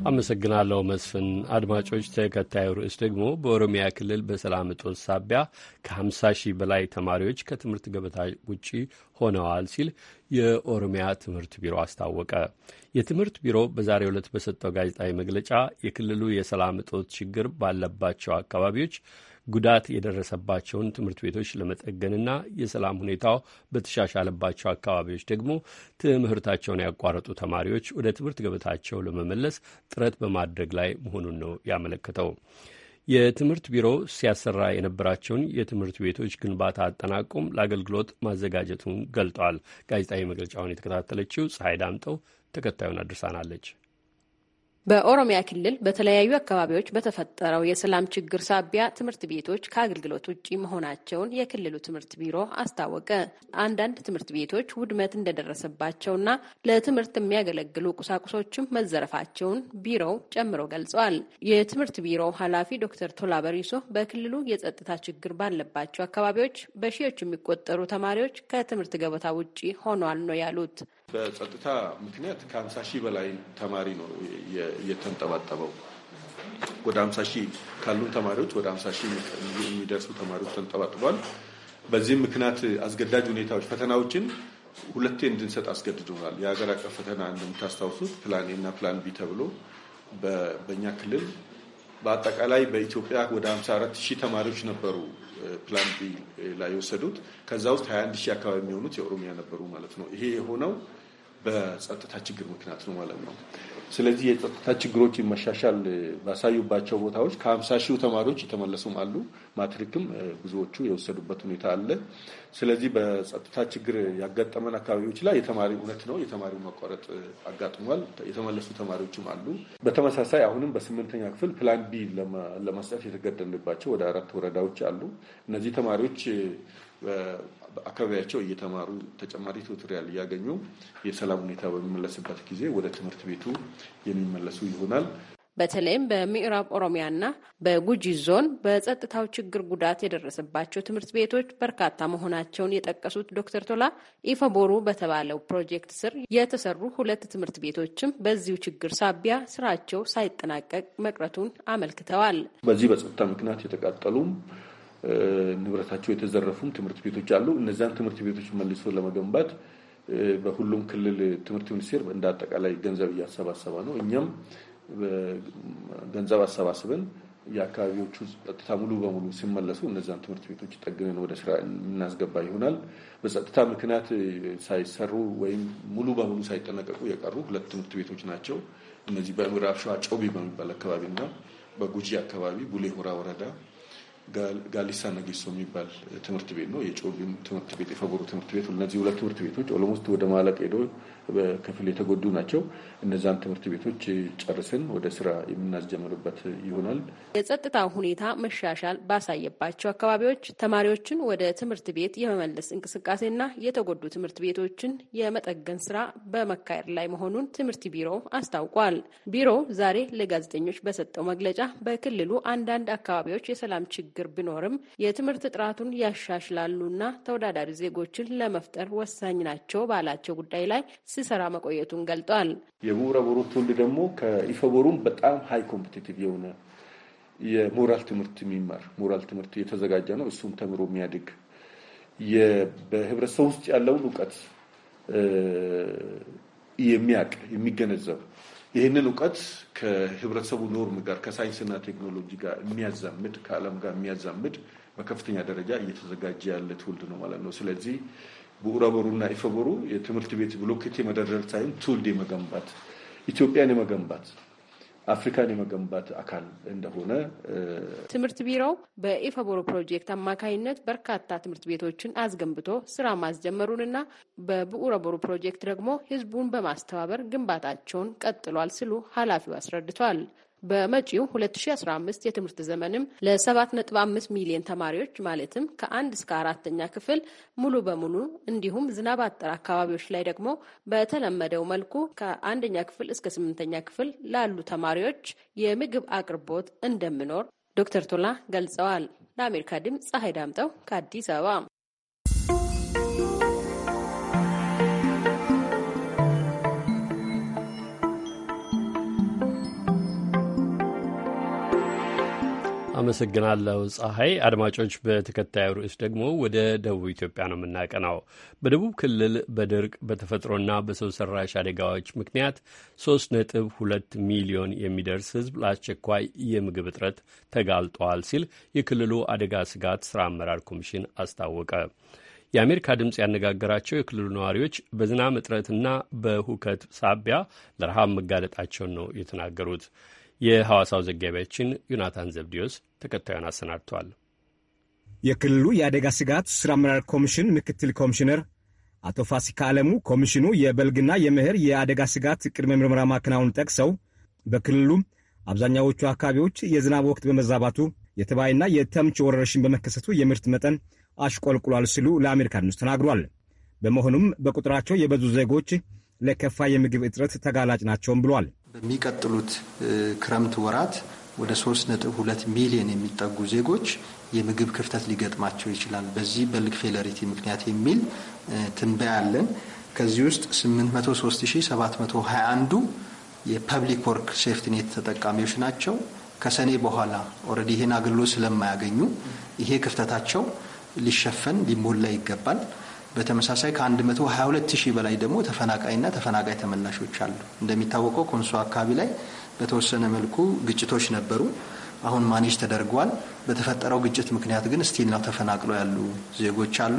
አመሰግናለሁ መስፍን። አድማጮች፣ ተከታዩ ርዕስ ደግሞ በኦሮሚያ ክልል በሰላም እጦት ሳቢያ ከ50 ሺህ በላይ ተማሪዎች ከትምህርት ገበታ ውጪ ሆነዋል ሲል የኦሮሚያ ትምህርት ቢሮ አስታወቀ። የትምህርት ቢሮ በዛሬው ዕለት በሰጠው ጋዜጣዊ መግለጫ የክልሉ የሰላም እጦት ችግር ባለባቸው አካባቢዎች ጉዳት የደረሰባቸውን ትምህርት ቤቶች ለመጠገንና የሰላም ሁኔታው በተሻሻለባቸው አካባቢዎች ደግሞ ትምህርታቸውን ያቋረጡ ተማሪዎች ወደ ትምህርት ገበታቸው ለመመለስ ጥረት በማድረግ ላይ መሆኑን ነው ያመለከተው። የትምህርት ቢሮ ሲያሰራ የነበራቸውን የትምህርት ቤቶች ግንባታ አጠናቁም ለአገልግሎት ማዘጋጀቱን ገልጧል። ጋዜጣዊ መግለጫውን የተከታተለችው ፀሐይ ዳምጠው ተከታዩን አድርሳናለች። በኦሮሚያ ክልል በተለያዩ አካባቢዎች በተፈጠረው የሰላም ችግር ሳቢያ ትምህርት ቤቶች ከአገልግሎት ውጪ መሆናቸውን የክልሉ ትምህርት ቢሮ አስታወቀ። አንዳንድ ትምህርት ቤቶች ውድመት እንደደረሰባቸውና ለትምህርት የሚያገለግሉ ቁሳቁሶችም መዘረፋቸውን ቢሮው ጨምሮ ገልጸዋል። የትምህርት ቢሮው ኃላፊ ዶክተር ቶላ በሪሶ በክልሉ የጸጥታ ችግር ባለባቸው አካባቢዎች በሺዎች የሚቆጠሩ ተማሪዎች ከትምህርት ገበታ ውጪ ሆኗል ነው ያሉት። በጸጥታ ምክንያት ከሀምሳ ሺህ በላይ ተማሪ ነው የተንጠባጠበው። ወደ 5 ሺህ ካሉን ተማሪዎች ወደ 5 ሺህ የሚደርሱ ተማሪዎች ተንጠባጥቧል። በዚህም ምክንያት አስገዳጅ ሁኔታዎች ፈተናዎችን ሁለቴ እንድንሰጥ አስገድዶናል። የሀገር አቀፍ ፈተና እንደምታስታውሱት ፕላን ኤ እና ፕላን ቢ ተብሎ በእኛ ክልል በአጠቃላይ በኢትዮጵያ ወደ 54 ሺህ ተማሪዎች ነበሩ ፕላን ቢ ላይ የወሰዱት። ከዛ ውስጥ 21 ሺህ አካባቢ የሚሆኑት የኦሮሚያ ነበሩ ማለት ነው። ይሄ የሆነው በጸጥታ ችግር ምክንያት ነው ማለት ነው። ስለዚህ የጸጥታ ችግሮች መሻሻል ባሳዩባቸው ቦታዎች ከሀምሳ ሺህ ተማሪዎች የተመለሱም አሉ። ማትሪክም ብዙዎቹ የወሰዱበት ሁኔታ አለ። ስለዚህ በጸጥታ ችግር ያጋጠመን አካባቢዎች ላይ የተማሪ እውነት ነው የተማሪው መቋረጥ አጋጥሟል። የተመለሱ ተማሪዎችም አሉ። በተመሳሳይ አሁንም በስምንተኛ ክፍል ፕላን ቢ ለመስጠት የተገደንባቸው ወደ አራት ወረዳዎች አሉ። እነዚህ ተማሪዎች በአካባቢያቸው እየተማሩ ተጨማሪ ቱቶሪያል እያገኙ የሰላም ሁኔታ በሚመለስበት ጊዜ ወደ ትምህርት ቤቱ የሚመለሱ ይሆናል። በተለይም በምዕራብ ኦሮሚያና በጉጂ ዞን በጸጥታው ችግር ጉዳት የደረሰባቸው ትምህርት ቤቶች በርካታ መሆናቸውን የጠቀሱት ዶክተር ቶላ ኢፈቦሩ በተባለው ፕሮጀክት ስር የተሰሩ ሁለት ትምህርት ቤቶችም በዚሁ ችግር ሳቢያ ስራቸው ሳይጠናቀቅ መቅረቱን አመልክተዋል። በዚህ በጸጥታ ምክንያት የተቃጠሉም ንብረታቸው የተዘረፉም ትምህርት ቤቶች አሉ። እነዚያን ትምህርት ቤቶች መልሶ ለመገንባት በሁሉም ክልል ትምህርት ሚኒስቴር እንደ አጠቃላይ ገንዘብ እያሰባሰበ ነው። እኛም ገንዘብ አሰባስበን የአካባቢዎቹ ጸጥታ ሙሉ በሙሉ ሲመለሱ እነዛን ትምህርት ቤቶች ጠግነን ወደ ስራ የምናስገባ ይሆናል። በጸጥታ ምክንያት ሳይሰሩ ወይም ሙሉ በሙሉ ሳይጠነቀቁ የቀሩ ሁለት ትምህርት ቤቶች ናቸው። እነዚህ በምዕራብ ሸዋ ጮቢ በሚባል አካባቢና በጉጂ አካባቢ ቡሌ ሆራ ወረዳ ጋሊሳ ነጊሶ የሚባል ትምህርት ቤት ነው። የጮቢም ትምህርት ቤት፣ የፈቦሩ ትምህርት ቤት፣ እነዚህ ሁለት ትምህርት ቤቶች ኦሎሞስት ወደ ማለቅ ሄዶ በከፊል የተጎዱ ናቸው። እነዛን ትምህርት ቤቶች ጨርስን ወደ ስራ የምናስጀምርበት ይሆናል። የጸጥታ ሁኔታ መሻሻል ባሳየባቸው አካባቢዎች ተማሪዎችን ወደ ትምህርት ቤት የመመለስ እንቅስቃሴና የተጎዱ ትምህርት ቤቶችን የመጠገን ስራ በመካሄድ ላይ መሆኑን ትምህርት ቢሮ አስታውቋል። ቢሮው ዛሬ ለጋዜጠኞች በሰጠው መግለጫ በክልሉ አንዳንድ አካባቢዎች የሰላም ችግር ችግር ቢኖርም የትምህርት ጥራቱን ያሻሽላሉና ተወዳዳሪ ዜጎችን ለመፍጠር ወሳኝ ናቸው ባላቸው ጉዳይ ላይ ሲሰራ መቆየቱን ገልጧል። የምሁራቦሩ ትውልድ ደግሞ ከኢፈቦሩም በጣም ሀይ ኮምፒቲቲቭ የሆነ የሞራል ትምህርት የሚማር ሞራል ትምህርት የተዘጋጀ ነው። እሱም ተምሮ የሚያድግ በህብረተሰብ ውስጥ ያለውን እውቀት የሚያቅ የሚገነዘብ ይህንን እውቀት ከህብረተሰቡ ኖርም ጋር ከሳይንስና ቴክኖሎጂ ጋር የሚያዛምድ ከዓለም ጋር የሚያዛምድ በከፍተኛ ደረጃ እየተዘጋጀ ያለ ትውልድ ነው ማለት ነው። ስለዚህ ብዑራበሩና ኢፈበሩ የትምህርት ቤት ብሎኬት የመደርደር ሳይሆን ትውልድ የመገንባት ኢትዮጵያን የመገንባት አፍሪካን የመገንባት አካል እንደሆነ ትምህርት ቢሮው በኢፈቦሮ ፕሮጀክት አማካኝነት በርካታ ትምህርት ቤቶችን አስገንብቶ ስራ ማስጀመሩንና በብኡረቦሮ ፕሮጀክት ደግሞ ህዝቡን በማስተባበር ግንባታቸውን ቀጥሏል ሲሉ ኃላፊው አስረድቷል። በመጪው 2015 የትምህርት ዘመንም ለ7.5 ሚሊዮን ተማሪዎች ማለትም ከአንድ እስከ አራተኛ ክፍል ሙሉ በሙሉ እንዲሁም ዝናብ አጠር አካባቢዎች ላይ ደግሞ በተለመደው መልኩ ከአንደኛ ክፍል እስከ ስምንተኛ ክፍል ላሉ ተማሪዎች የምግብ አቅርቦት እንደሚኖር ዶክተር ቶላ ገልጸዋል። ለአሜሪካ ድምፅ ፀሐይ ዳምጠው ከአዲስ አበባ አመሰግናለሁ ፀሐይ። አድማጮች፣ በተከታዩ ርዕስ ደግሞ ወደ ደቡብ ኢትዮጵያ ነው የምናቀናው። በደቡብ ክልል በድርቅ በተፈጥሮና በሰው ሰራሽ አደጋዎች ምክንያት ሶስት ነጥብ ሁለት ሚሊዮን የሚደርስ ሕዝብ ለአስቸኳይ የምግብ እጥረት ተጋልጧል ሲል የክልሉ አደጋ ስጋት ስራ አመራር ኮሚሽን አስታወቀ። የአሜሪካ ድምፅ ያነጋገራቸው የክልሉ ነዋሪዎች በዝናብ እጥረትና በሁከት ሳቢያ ለረሃብ መጋለጣቸውን ነው የተናገሩት። የሐዋሳው ዘጋቢያችን ዮናታን ዘብዲዮስ ተከታዩን አሰናድቷል። የክልሉ የአደጋ ስጋት ስራ አመራር ኮሚሽን ምክትል ኮሚሽነር አቶ ፋሲካ አለሙ ኮሚሽኑ የበልግና የምህር የአደጋ ስጋት ቅድመ ምርመራ ማከናወን ጠቅሰው በክልሉ አብዛኛዎቹ አካባቢዎች የዝናብ ወቅት በመዛባቱ የተባይና የተምች ወረርሽኝ በመከሰቱ የምርት መጠን አሽቆልቁሏል ሲሉ ለአሜሪካ ኒውስ ተናግሯል። በመሆኑም በቁጥራቸው የበዙ ዜጎች ለከፋ የምግብ እጥረት ተጋላጭ ናቸውም ብሏል። በሚቀጥሉት ክረምት ወራት ወደ 3.2 ሚሊዮን የሚጠጉ ዜጎች የምግብ ክፍተት ሊገጥማቸው ይችላል በዚህ በልግ ፌለሪቲ ምክንያት የሚል ትንበያ አለን። ከዚህ ውስጥ 83721 ዱ የፐብሊክ ወርክ ሴፍቲኔት ተጠቃሚዎች ናቸው። ከሰኔ በኋላ ኦልሬዲ ይህን አገልግሎት ስለማያገኙ ይሄ ክፍተታቸው ሊሸፈን ሊሞላ ይገባል። በተመሳሳይ ከ122 ሺህ በላይ ደግሞ ተፈናቃይና ተፈናቃይ ተመላሾች አሉ። እንደሚታወቀው ኮንሶ አካባቢ ላይ በተወሰነ መልኩ ግጭቶች ነበሩ። አሁን ማኔጅ ተደርጓል። በተፈጠረው ግጭት ምክንያት ግን ስቲል ነው ተፈናቅሎ ያሉ ዜጎች አሉ።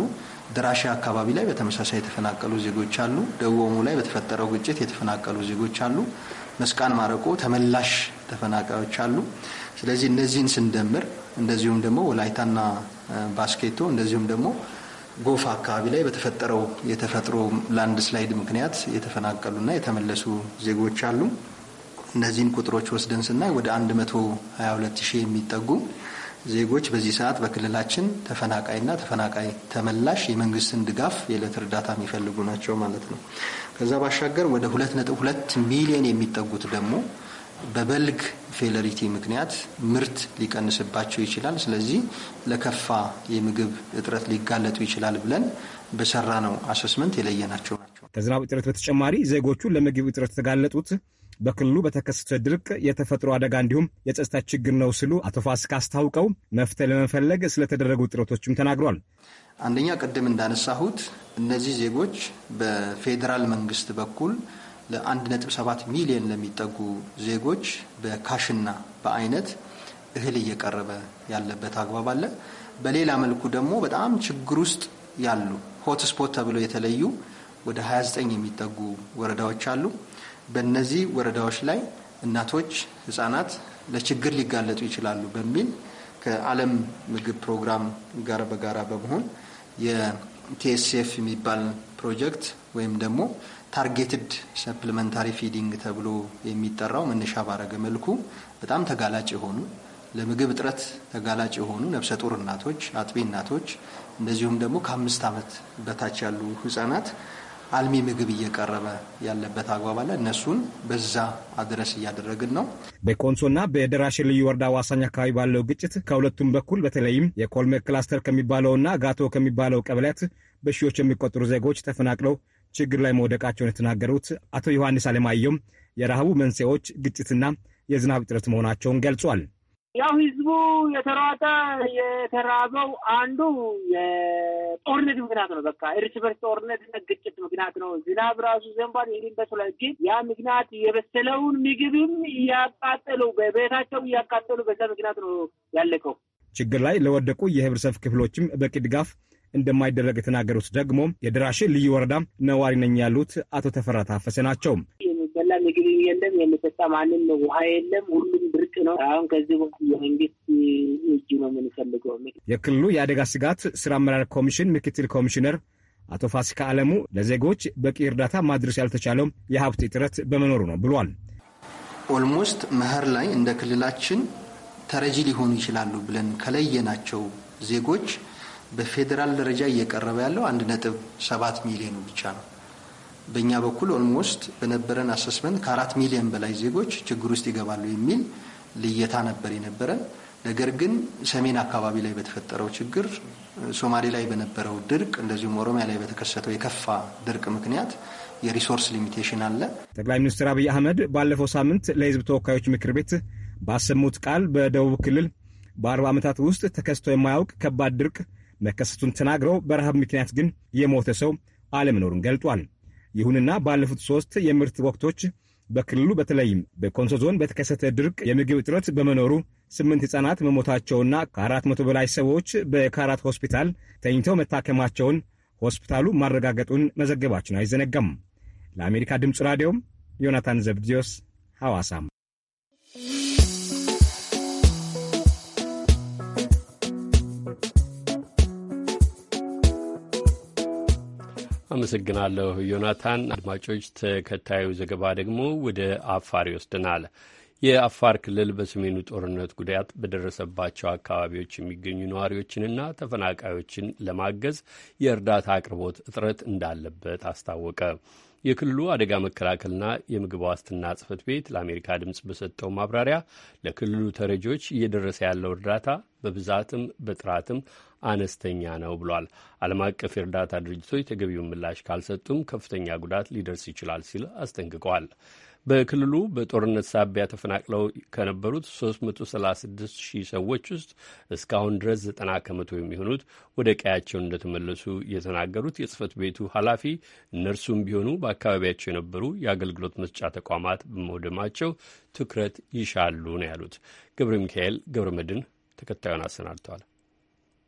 ድራሻ አካባቢ ላይ በተመሳሳይ የተፈናቀሉ ዜጎች አሉ። ደወሙ ላይ በተፈጠረው ግጭት የተፈናቀሉ ዜጎች አሉ። መስቃን ማረቆ ተመላሽ ተፈናቃዮች አሉ። ስለዚህ እነዚህን ስንደምር እንደዚሁም ደግሞ ወላይታና ባስኬቶ እንደዚሁም ደግሞ ጎፋ አካባቢ ላይ በተፈጠረው የተፈጥሮ ላንድ ስላይድ ምክንያት የተፈናቀሉና የተመለሱ ዜጎች አሉ። እነዚህን ቁጥሮች ወስደን ስናይ ወደ 122 ሺህ የሚጠጉ ዜጎች በዚህ ሰዓት በክልላችን ተፈናቃይና ተፈናቃይ ተመላሽ የመንግስትን ድጋፍ የዕለት እርዳታ የሚፈልጉ ናቸው ማለት ነው። ከዛ ባሻገር ወደ 2.2 ሚሊዮን የሚጠጉት ደግሞ በበልግ ፌለሪቲ ምክንያት ምርት ሊቀንስባቸው ይችላል። ስለዚህ ለከፋ የምግብ እጥረት ሊጋለጡ ይችላል ብለን በሰራ ነው አሰስመንት የለየ ናቸው። ከዝናብ እጥረት በተጨማሪ ዜጎቹ ለምግብ እጥረት የተጋለጡት በክልሉ በተከሰተ ድርቅ፣ የተፈጥሮ አደጋ እንዲሁም የጸጥታ ችግር ነው ሲሉ አቶ ፋሲካ አስታውቀው መፍትሄ ለመፈለግ ስለተደረጉ ጥረቶችም ተናግሯል። አንደኛ ቅድም እንዳነሳሁት እነዚህ ዜጎች በፌዴራል መንግስት በኩል ለ1.7 ሚሊዮን ለሚጠጉ ዜጎች በካሽና በአይነት እህል እየቀረበ ያለበት አግባብ አለ። በሌላ መልኩ ደግሞ በጣም ችግር ውስጥ ያሉ ሆትስፖት ተብለው የተለዩ ወደ 29 የሚጠጉ ወረዳዎች አሉ። በእነዚህ ወረዳዎች ላይ እናቶች፣ ህጻናት ለችግር ሊጋለጡ ይችላሉ በሚል ከዓለም ምግብ ፕሮግራም ጋር በጋራ በመሆን የቲኤስኤፍ የሚባል ፕሮጀክት ወይም ደግሞ ታርጌትድ ሰፕሊመንታሪ ፊዲንግ ተብሎ የሚጠራው መነሻ ባረገ መልኩ በጣም ተጋላጭ የሆኑ ለምግብ እጥረት ተጋላጭ የሆኑ ነፍሰ ጡር እናቶች፣ አጥቢ እናቶች እንደዚሁም ደግሞ ከአምስት ዓመት በታች ያሉ ህጻናት አልሚ ምግብ እየቀረበ ያለበት አግባብ አለ። እነሱን በዛ አድረስ እያደረግን ነው። በኮንሶና በደራሽ ልዩ ወረዳ ዋሳኝ አካባቢ ባለው ግጭት ከሁለቱም በኩል በተለይም የኮልሜ ክላስተር ከሚባለውና ጋቶ ከሚባለው ቀበሌያት በሺዎች የሚቆጠሩ ዜጎች ተፈናቅለው ችግር ላይ መውደቃቸውን የተናገሩት አቶ ዮሐንስ አለማየሁም የረሃቡ መንስኤዎች ግጭትና የዝናብ እጥረት መሆናቸውን ገልጿል። ያው ህዝቡ የተሯጠ የተራበው አንዱ የጦርነት ምክንያት ነው። በቃ እርስ በርስ ጦርነትና ግጭት ምክንያት ነው። ዝናብ ራሱ ዘንቧል ይህን በስሏል። ያ ምክንያት የበሰለውን ምግብም እያቃጠሉ በቤታቸው እያቃጠሉ በዛ ምክንያት ነው ያለቀው። ችግር ላይ ለወደቁ የህብረተሰብ ክፍሎችም በቂ ድጋፍ እንደማይደረግ የተናገሩት ደግሞ የድራሽ ልዩ ወረዳ ነዋሪ ነኝ ያሉት አቶ ተፈራ ታፈሰ ናቸው። የሚበላ ምግብ የለም፣ የሚጠጣ ማንም ውሃ የለም። ሁሉም ድርቅ ነው። አሁን ከዚህ የመንግስት እጅ ነው የምንፈልገው። የክልሉ የአደጋ ስጋት ስራ አመራር ኮሚሽን ምክትል ኮሚሽነር አቶ ፋሲካ አለሙ ለዜጎች በቂ እርዳታ ማድረስ ያልተቻለው የሀብት እጥረት በመኖሩ ነው ብሏል። ኦልሞስት መኸር ላይ እንደ ክልላችን ተረጂ ሊሆኑ ይችላሉ ብለን ከለየናቸው ዜጎች በፌዴራል ደረጃ እየቀረበ ያለው አንድ ነጥብ ሰባት ሚሊዮኑ ብቻ ነው። በእኛ በኩል ኦልሞስት በነበረን አሰስመንት ከአራት ሚሊዮን በላይ ዜጎች ችግር ውስጥ ይገባሉ የሚል ልየታ ነበር የነበረን። ነገር ግን ሰሜን አካባቢ ላይ በተፈጠረው ችግር፣ ሶማሌ ላይ በነበረው ድርቅ፣ እንደዚሁም ኦሮሚያ ላይ በተከሰተው የከፋ ድርቅ ምክንያት የሪሶርስ ሊሚቴሽን አለ። ጠቅላይ ሚኒስትር አብይ አህመድ ባለፈው ሳምንት ለህዝብ ተወካዮች ምክር ቤት ባሰሙት ቃል በደቡብ ክልል በአርባ ዓመታት ውስጥ ተከስቶ የማያውቅ ከባድ ድርቅ መከሰቱን ተናግረው በረሃብ ምክንያት ግን የሞተ ሰው አለመኖሩን ገልጧል። ይሁንና ባለፉት ሶስት የምርት ወቅቶች በክልሉ በተለይም በኮንሶ ዞን በተከሰተ ድርቅ የምግብ እጥረት በመኖሩ ስምንት ሕፃናት መሞታቸውና ከአራት መቶ በላይ ሰዎች በካራት ሆስፒታል ተኝተው መታከማቸውን ሆስፒታሉ ማረጋገጡን መዘገባችን አይዘነጋም። ለአሜሪካ ድምፅ ራዲዮም ዮናታን ዘብዲዮስ ሐዋሳም አመሰግናለሁ ዮናታን። አድማጮች፣ ተከታዩ ዘገባ ደግሞ ወደ አፋር ይወስደናል። የአፋር ክልል በሰሜኑ ጦርነት ጉዳት በደረሰባቸው አካባቢዎች የሚገኙ ነዋሪዎችንና ተፈናቃዮችን ለማገዝ የእርዳታ አቅርቦት እጥረት እንዳለበት አስታወቀ። የክልሉ አደጋ መከላከልና የምግብ ዋስትና ጽፈት ቤት ለአሜሪካ ድምፅ በሰጠው ማብራሪያ ለክልሉ ተረጂዎች እየደረሰ ያለው እርዳታ በብዛትም በጥራትም አነስተኛ ነው ብሏል። ዓለም አቀፍ የእርዳታ ድርጅቶች ተገቢውን ምላሽ ካልሰጡም ከፍተኛ ጉዳት ሊደርስ ይችላል ሲል አስጠንቅቀዋል። በክልሉ በጦርነት ሳቢያ ተፈናቅለው ከነበሩት 336 ሺህ ሰዎች ውስጥ እስካሁን ድረስ 90 ከመቶ የሚሆኑት ወደ ቀያቸው እንደተመለሱ የተናገሩት የጽህፈት ቤቱ ኃላፊ እነርሱም ቢሆኑ በአካባቢያቸው የነበሩ የአገልግሎት መስጫ ተቋማት በመውደማቸው ትኩረት ይሻሉ ነው ያሉት። ገብረ ሚካኤል ገብረ መድን ተከታዩን አሰናድተዋል።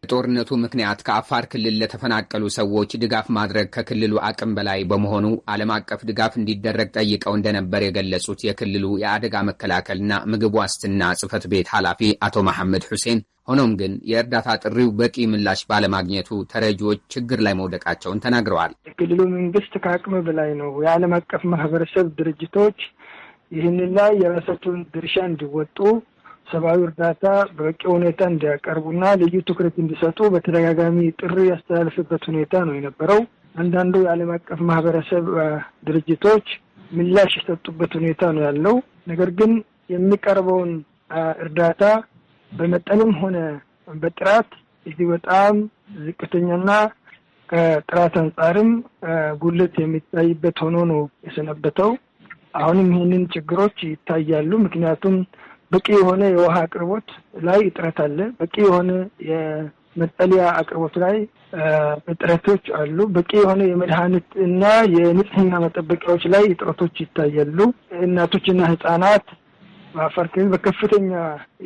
የጦርነቱ ምክንያት ከአፋር ክልል ለተፈናቀሉ ሰዎች ድጋፍ ማድረግ ከክልሉ አቅም በላይ በመሆኑ ዓለም አቀፍ ድጋፍ እንዲደረግ ጠይቀው እንደነበር የገለጹት የክልሉ የአደጋ መከላከልና ምግብ ዋስትና ጽህፈት ቤት ኃላፊ አቶ መሐመድ ሁሴን፣ ሆኖም ግን የእርዳታ ጥሪው በቂ ምላሽ ባለማግኘቱ ተረጂዎች ችግር ላይ መውደቃቸውን ተናግረዋል። የክልሉ መንግስት ከአቅም በላይ ነው። የዓለም አቀፍ ማህበረሰብ ድርጅቶች ይህንን ላይ የራሳቸውን ድርሻ እንዲወጡ ሰብአዊ እርዳታ በበቂ ሁኔታ እንዲያቀርቡና ልዩ ትኩረት እንዲሰጡ በተደጋጋሚ ጥሪ ያስተላለፍበት ሁኔታ ነው የነበረው። አንዳንዱ የዓለም አቀፍ ማህበረሰብ ድርጅቶች ምላሽ የሰጡበት ሁኔታ ነው ያለው። ነገር ግን የሚቀርበውን እርዳታ በመጠንም ሆነ በጥራት እዚህ በጣም ዝቅተኛና ከጥራት አንጻርም ጉልት የሚታይበት ሆኖ ነው የሰነበተው። አሁንም ይህንን ችግሮች ይታያሉ። ምክንያቱም በቂ የሆነ የውሃ አቅርቦት ላይ እጥረት አለ። በቂ የሆነ የመጠለያ አቅርቦት ላይ እጥረቶች አሉ። በቂ የሆነ የመድኃኒት እና የንጽህና መጠበቂያዎች ላይ እጥረቶች ይታያሉ። እናቶችና ህጻናት በአፋር ክልል በከፍተኛ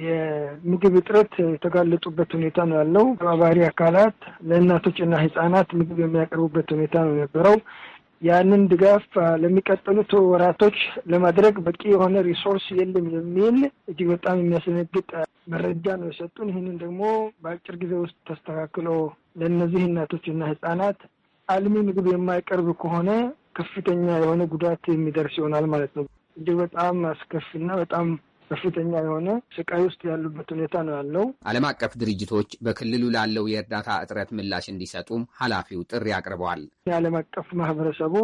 የምግብ እጥረት የተጋለጡበት ሁኔታ ነው ያለው። ተባባሪ አካላት ለእናቶችና ህጻናት ምግብ የሚያቀርቡበት ሁኔታ ነው የነበረው። ያንን ድጋፍ ለሚቀጥሉት ወራቶች ለማድረግ በቂ የሆነ ሪሶርስ የለም የሚል እጅግ በጣም የሚያስደነግጥ መረጃ ነው የሰጡን። ይህንን ደግሞ በአጭር ጊዜ ውስጥ ተስተካክሎ ለእነዚህ እናቶችና ህጻናት አልሚ ምግብ የማይቀርብ ከሆነ ከፍተኛ የሆነ ጉዳት የሚደርስ ይሆናል ማለት ነው። እጅግ በጣም አስከፊና በጣም ከፍተኛ የሆነ ስቃይ ውስጥ ያሉበት ሁኔታ ነው ያለው። ዓለም አቀፍ ድርጅቶች በክልሉ ላለው የእርዳታ እጥረት ምላሽ እንዲሰጡም ኃላፊው ጥሪ አቅርበዋል። የዓለም አቀፍ ማህበረሰቡ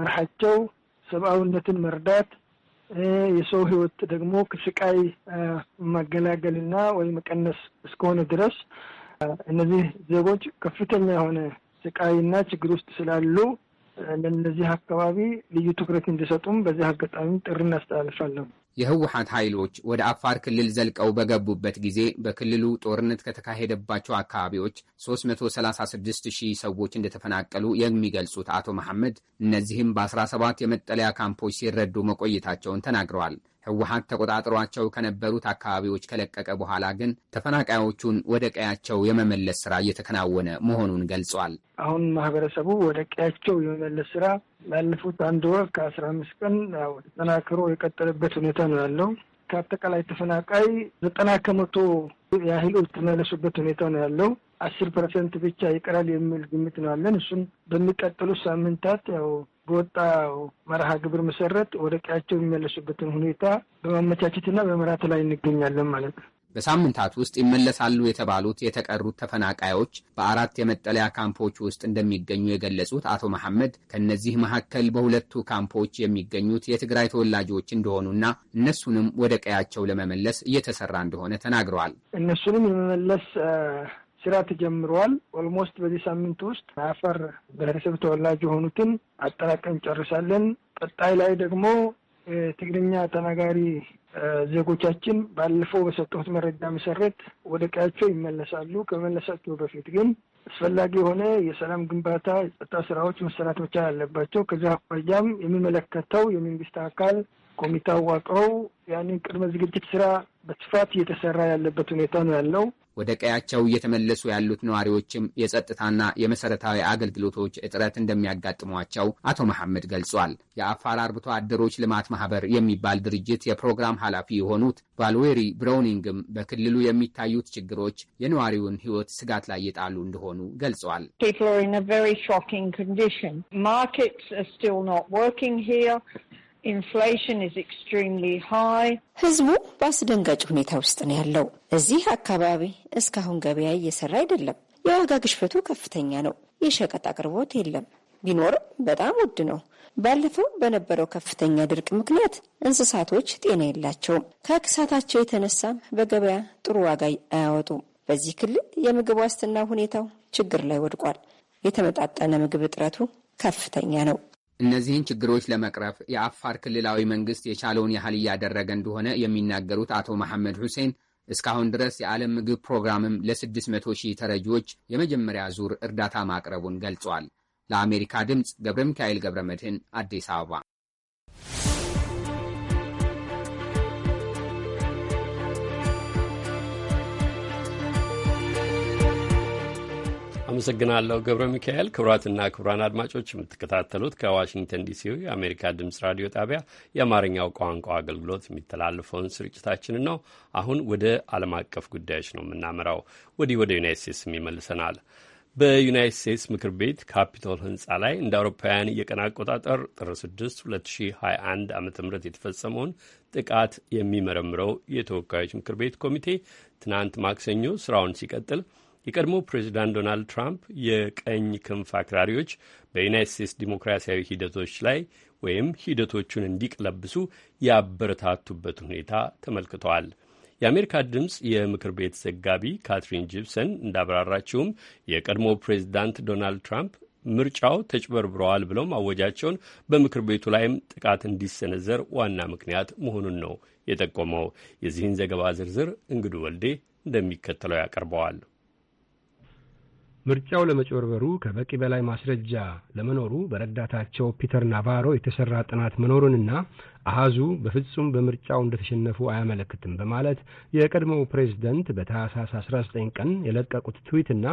መርሃቸው ሰብአዊነትን መርዳት የሰው ህይወት ደግሞ ከስቃይ ማገላገልና ወይ መቀነስ እስከሆነ ድረስ እነዚህ ዜጎች ከፍተኛ የሆነ ስቃይና ችግር ውስጥ ስላሉ ለእነዚህ አካባቢ ልዩ ትኩረት እንዲሰጡም በዚህ አጋጣሚ ጥሪ እናስተላልፋለን። የህወሓት ኃይሎች ወደ አፋር ክልል ዘልቀው በገቡበት ጊዜ በክልሉ ጦርነት ከተካሄደባቸው አካባቢዎች 336 ሺህ ሰዎች እንደተፈናቀሉ የሚገልጹት አቶ መሐመድ እነዚህም በ17 የመጠለያ ካምፖች ሲረዱ መቆየታቸውን ተናግረዋል። ህወሀት ተቆጣጥሯቸው ከነበሩት አካባቢዎች ከለቀቀ በኋላ ግን ተፈናቃዮቹን ወደ ቀያቸው የመመለስ ስራ እየተከናወነ መሆኑን ገልጿል። አሁን ማህበረሰቡ ወደ ቀያቸው የመመለስ ስራ ባለፉት አንድ ወር ከአስራ አምስት ቀን ተጠናክሮ የቀጠለበት ሁኔታ ነው ያለው። ከአጠቃላይ ተፈናቃይ ዘጠና ከመቶ ያህሉ የተመለሱበት ሁኔታ ነው ያለው። አስር ፐርሰንት ብቻ ይቀራል የሚል ግምት ነው ያለን። እሱን በሚቀጥሉት ሳምንታት ያው በወጣ መርሃ ግብር መሰረት ወደ ቀያቸው የሚመለሱበትን ሁኔታ በማመቻቸትና በመራት ላይ እንገኛለን ማለት ነው። በሳምንታት ውስጥ ይመለሳሉ የተባሉት የተቀሩት ተፈናቃዮች በአራት የመጠለያ ካምፖች ውስጥ እንደሚገኙ የገለጹት አቶ መሐመድ ከእነዚህ መካከል በሁለቱ ካምፖች የሚገኙት የትግራይ ተወላጆች እንደሆኑና እነሱንም ወደ ቀያቸው ለመመለስ እየተሰራ እንደሆነ ተናግረዋል። እነሱንም የመመለስ ስራ ተጀምረዋል። ኦልሞስት በዚህ ሳምንት ውስጥ አፈር ብሔረሰብ ተወላጅ የሆኑትን አጠናቀን ጨርሳለን። ቀጣይ ላይ ደግሞ ትግርኛ ተናጋሪ ዜጎቻችን ባለፈው በሰጠሁት መረጃ መሰረት ወደ ቀያቸው ይመለሳሉ። ከመለሳቸው በፊት ግን አስፈላጊ የሆነ የሰላም ግንባታ፣ የጸጥታ ስራዎች መሰራት መቻል አለባቸው። ከዚ አኳያም የሚመለከተው የመንግስት አካል ኮሚቴ አዋቅረው ያንን ቅድመ ዝግጅት ስራ በስፋት እየተሰራ ያለበት ሁኔታ ነው ያለው። ወደ ቀያቸው እየተመለሱ ያሉት ነዋሪዎችም የጸጥታና የመሰረታዊ አገልግሎቶች እጥረት እንደሚያጋጥሟቸው አቶ መሐመድ ገልጿል። የአፋር አርብቶ አደሮች ልማት ማህበር የሚባል ድርጅት የፕሮግራም ኃላፊ የሆኑት ቫልዌሪ ብራውኒንግም በክልሉ የሚታዩት ችግሮች የነዋሪውን ሕይወት ስጋት ላይ የጣሉ እንደሆኑ ገልጿል። ህዝቡ በአስደንጋጭ ሁኔታ ውስጥ ነው ያለው። እዚህ አካባቢ እስካሁን ገበያ እየሰራ አይደለም። የዋጋ ግሽበቱ ከፍተኛ ነው። የሸቀጥ አቅርቦት የለም፣ ቢኖርም በጣም ውድ ነው። ባለፈው በነበረው ከፍተኛ ድርቅ ምክንያት እንስሳቶች ጤና የላቸውም። ከክሳታቸው የተነሳም በገበያ ጥሩ ዋጋ አያወጡም። በዚህ ክልል የምግብ ዋስትና ሁኔታው ችግር ላይ ወድቋል። የተመጣጠነ ምግብ እጥረቱ ከፍተኛ ነው። እነዚህን ችግሮች ለመቅረፍ የአፋር ክልላዊ መንግስት የቻለውን ያህል እያደረገ እንደሆነ የሚናገሩት አቶ መሐመድ ሁሴን እስካሁን ድረስ የዓለም ምግብ ፕሮግራምም ለ600 ሺህ ተረጂዎች የመጀመሪያ ዙር እርዳታ ማቅረቡን ገልጿል። ለአሜሪካ ድምፅ ገብረ ሚካኤል ገብረ መድህን አዲስ አበባ አመሰግናለሁ ገብረ ሚካኤል። ክቡራትና ክቡራን አድማጮች የምትከታተሉት ከዋሽንግተን ዲሲ የአሜሪካ ድምጽ ራዲዮ ጣቢያ የአማርኛው ቋንቋ አገልግሎት የሚተላለፈውን ስርጭታችንን ነው። አሁን ወደ ዓለም አቀፍ ጉዳዮች ነው የምናመራው። ወዲህ ወደ ዩናይት ስቴትስም ይመልሰናል። በዩናይት ስቴትስ ምክር ቤት ካፒቶል ህንፃ ላይ እንደ አውሮፓውያን የቀን አቆጣጠር ጥር 6 2021 ዓ ም የተፈጸመውን ጥቃት የሚመረምረው የተወካዮች ምክር ቤት ኮሚቴ ትናንት ማክሰኞ ስራውን ሲቀጥል የቀድሞ ፕሬዚዳንት ዶናልድ ትራምፕ የቀኝ ክንፍ አክራሪዎች በዩናይት ስቴትስ ዲሞክራሲያዊ ሂደቶች ላይ ወይም ሂደቶቹን እንዲቀለብሱ ያበረታቱበት ሁኔታ ተመልክተዋል። የአሜሪካ ድምፅ የምክር ቤት ዘጋቢ ካትሪን ጂፕሰን እንዳብራራችውም የቀድሞ ፕሬዚዳንት ዶናልድ ትራምፕ ምርጫው ተጭበርብረዋል ብለው ማወጃቸውን በምክር ቤቱ ላይም ጥቃት እንዲሰነዘር ዋና ምክንያት መሆኑን ነው የጠቆመው። የዚህን ዘገባ ዝርዝር እንግዱ ወልዴ እንደሚከተለው ያቀርበዋል። ምርጫው ለመጭበርበሩ ከበቂ በላይ ማስረጃ ለመኖሩ በረዳታቸው ፒተር ናቫሮ የተሰራ ጥናት መኖሩንና አሃዙ በፍጹም በምርጫው እንደተሸነፉ አያመለክትም በማለት የቀድሞው ፕሬዝደንት በታህሳስ 19 ቀን የለቀቁት ትዊትና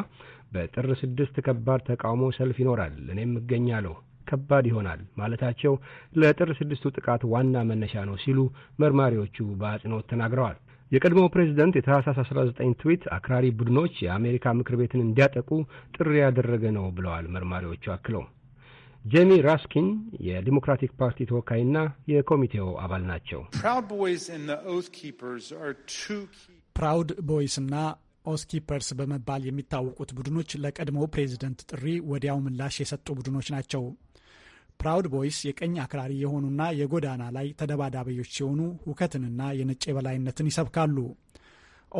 በጥር ስድስት ከባድ ተቃውሞ ሰልፍ ይኖራል፣ እኔም እገኛለሁ፣ ከባድ ይሆናል ማለታቸው ለጥር ስድስቱ ጥቃት ዋና መነሻ ነው ሲሉ መርማሪዎቹ በአጽንኦት ተናግረዋል። የቀድሞው ፕሬዚደንት የታህሳስ 19 ትዊት አክራሪ ቡድኖች የአሜሪካ ምክር ቤትን እንዲያጠቁ ጥሪ ያደረገ ነው ብለዋል መርማሪዎቹ አክለው። ጄሚ ራስኪን የዲሞክራቲክ ፓርቲ ተወካይና የኮሚቴው አባል ናቸው። ፕራውድ ቦይስ እና ኦስኪፐርስ በመባል የሚታወቁት ቡድኖች ለቀድሞው ፕሬዚደንት ጥሪ ወዲያው ምላሽ የሰጡ ቡድኖች ናቸው። ፕራውድ ቦይስ የቀኝ አክራሪ የሆኑና የጎዳና ላይ ተደባዳቢዎች ሲሆኑ ሁከትንና የነጭ የበላይነትን ይሰብካሉ።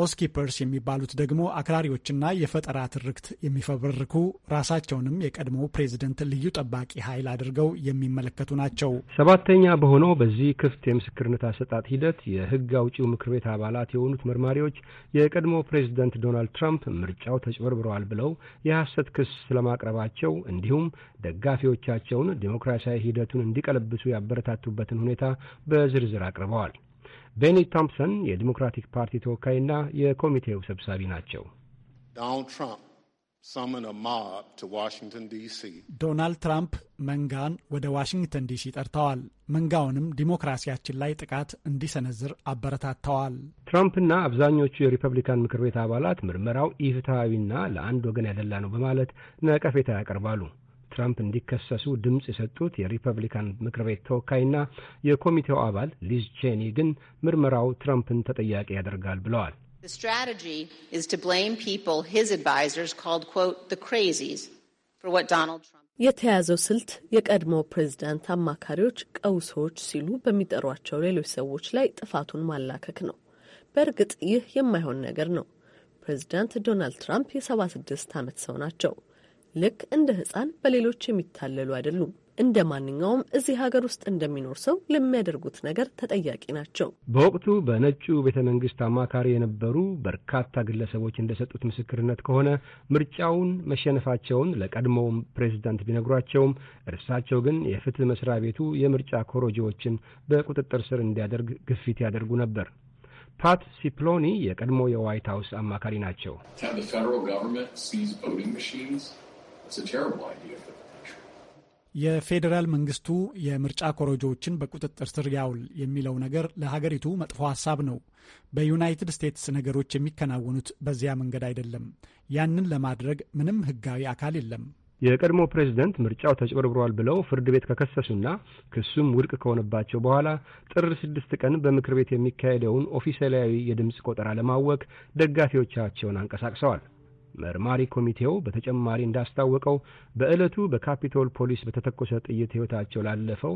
ኦስኪፐርስ የሚባሉት ደግሞ አክራሪዎችና የፈጠራ ትርክት የሚፈበርኩ ራሳቸውንም የቀድሞ ፕሬዚደንት ልዩ ጠባቂ ኃይል አድርገው የሚመለከቱ ናቸው። ሰባተኛ በሆነው በዚህ ክፍት የምስክርነት አሰጣጥ ሂደት የህግ አውጪው ምክር ቤት አባላት የሆኑት መርማሪዎች የቀድሞ ፕሬዚደንት ዶናልድ ትራምፕ ምርጫው ተጭበርብረዋል ብለው የሐሰት ክስ ስለማቅረባቸው እንዲሁም ደጋፊዎቻቸውን ዴሞክራሲያዊ ሂደቱን እንዲቀለብሱ ያበረታቱበትን ሁኔታ በዝርዝር አቅርበዋል። ቤኒ ቶምፕሰን የዲሞክራቲክ ፓርቲ ተወካይና የኮሚቴው ሰብሳቢ ናቸው። ዶናልድ ትራምፕ መንጋን ወደ ዋሽንግተን ዲሲ ጠርተዋል። መንጋውንም ዲሞክራሲያችን ላይ ጥቃት እንዲሰነዝር አበረታተዋል። ትራምፕና አብዛኞቹ የሪፐብሊካን ምክር ቤት አባላት ምርመራው ኢፍትሐዊና ለአንድ ወገን ያደላ ነው በማለት ነቀፌታ ያቀርባሉ። ትራምፕ እንዲከሰሱ ድምፅ የሰጡት የሪፐብሊካን ምክር ቤት ተወካይና የኮሚቴው አባል ሊዝ ቼኒ ግን ምርመራው ትራምፕን ተጠያቂ ያደርጋል ብለዋል። የተያዘው ስልት የቀድሞ ፕሬዝዳንት አማካሪዎች ቀውሶች ሲሉ በሚጠሯቸው ሌሎች ሰዎች ላይ ጥፋቱን ማላከክ ነው። በእርግጥ ይህ የማይሆን ነገር ነው። ፕሬዝዳንት ዶናልድ ትራምፕ የ76 ዓመት ሰው ናቸው። ልክ እንደ ህፃን በሌሎች የሚታለሉ አይደሉም። እንደ ማንኛውም እዚህ ሀገር ውስጥ እንደሚኖር ሰው ለሚያደርጉት ነገር ተጠያቂ ናቸው። በወቅቱ በነጩ ቤተ መንግስት አማካሪ የነበሩ በርካታ ግለሰቦች እንደሰጡት ምስክርነት ከሆነ ምርጫውን መሸነፋቸውን ለቀድሞውም ፕሬዚዳንት ቢነግሯቸውም እርሳቸው ግን የፍትህ መስሪያ ቤቱ የምርጫ ኮሮጆዎችን በቁጥጥር ስር እንዲያደርግ ግፊት ያደርጉ ነበር። ፓት ሲፕሎኒ የቀድሞ የዋይት ሀውስ አማካሪ ናቸው። የፌዴራል መንግስቱ የምርጫ ኮረጆዎችን በቁጥጥር ስር ያውል የሚለው ነገር ለሀገሪቱ መጥፎ ሀሳብ ነው። በዩናይትድ ስቴትስ ነገሮች የሚከናወኑት በዚያ መንገድ አይደለም። ያንን ለማድረግ ምንም ህጋዊ አካል የለም። የቀድሞ ፕሬዝደንት ምርጫው ተጭበርብሯል ብለው ፍርድ ቤት ከከሰሱና ክሱም ውድቅ ከሆነባቸው በኋላ ጥር ስድስት ቀን በምክር ቤት የሚካሄደውን ኦፊሴላዊ የድምፅ ቆጠራ ለማወክ ደጋፊዎቻቸውን አንቀሳቅሰዋል። መርማሪ ኮሚቴው በተጨማሪ እንዳስታወቀው በዕለቱ በካፒቶል ፖሊስ በተተኮሰ ጥይት ሕይወታቸው ላለፈው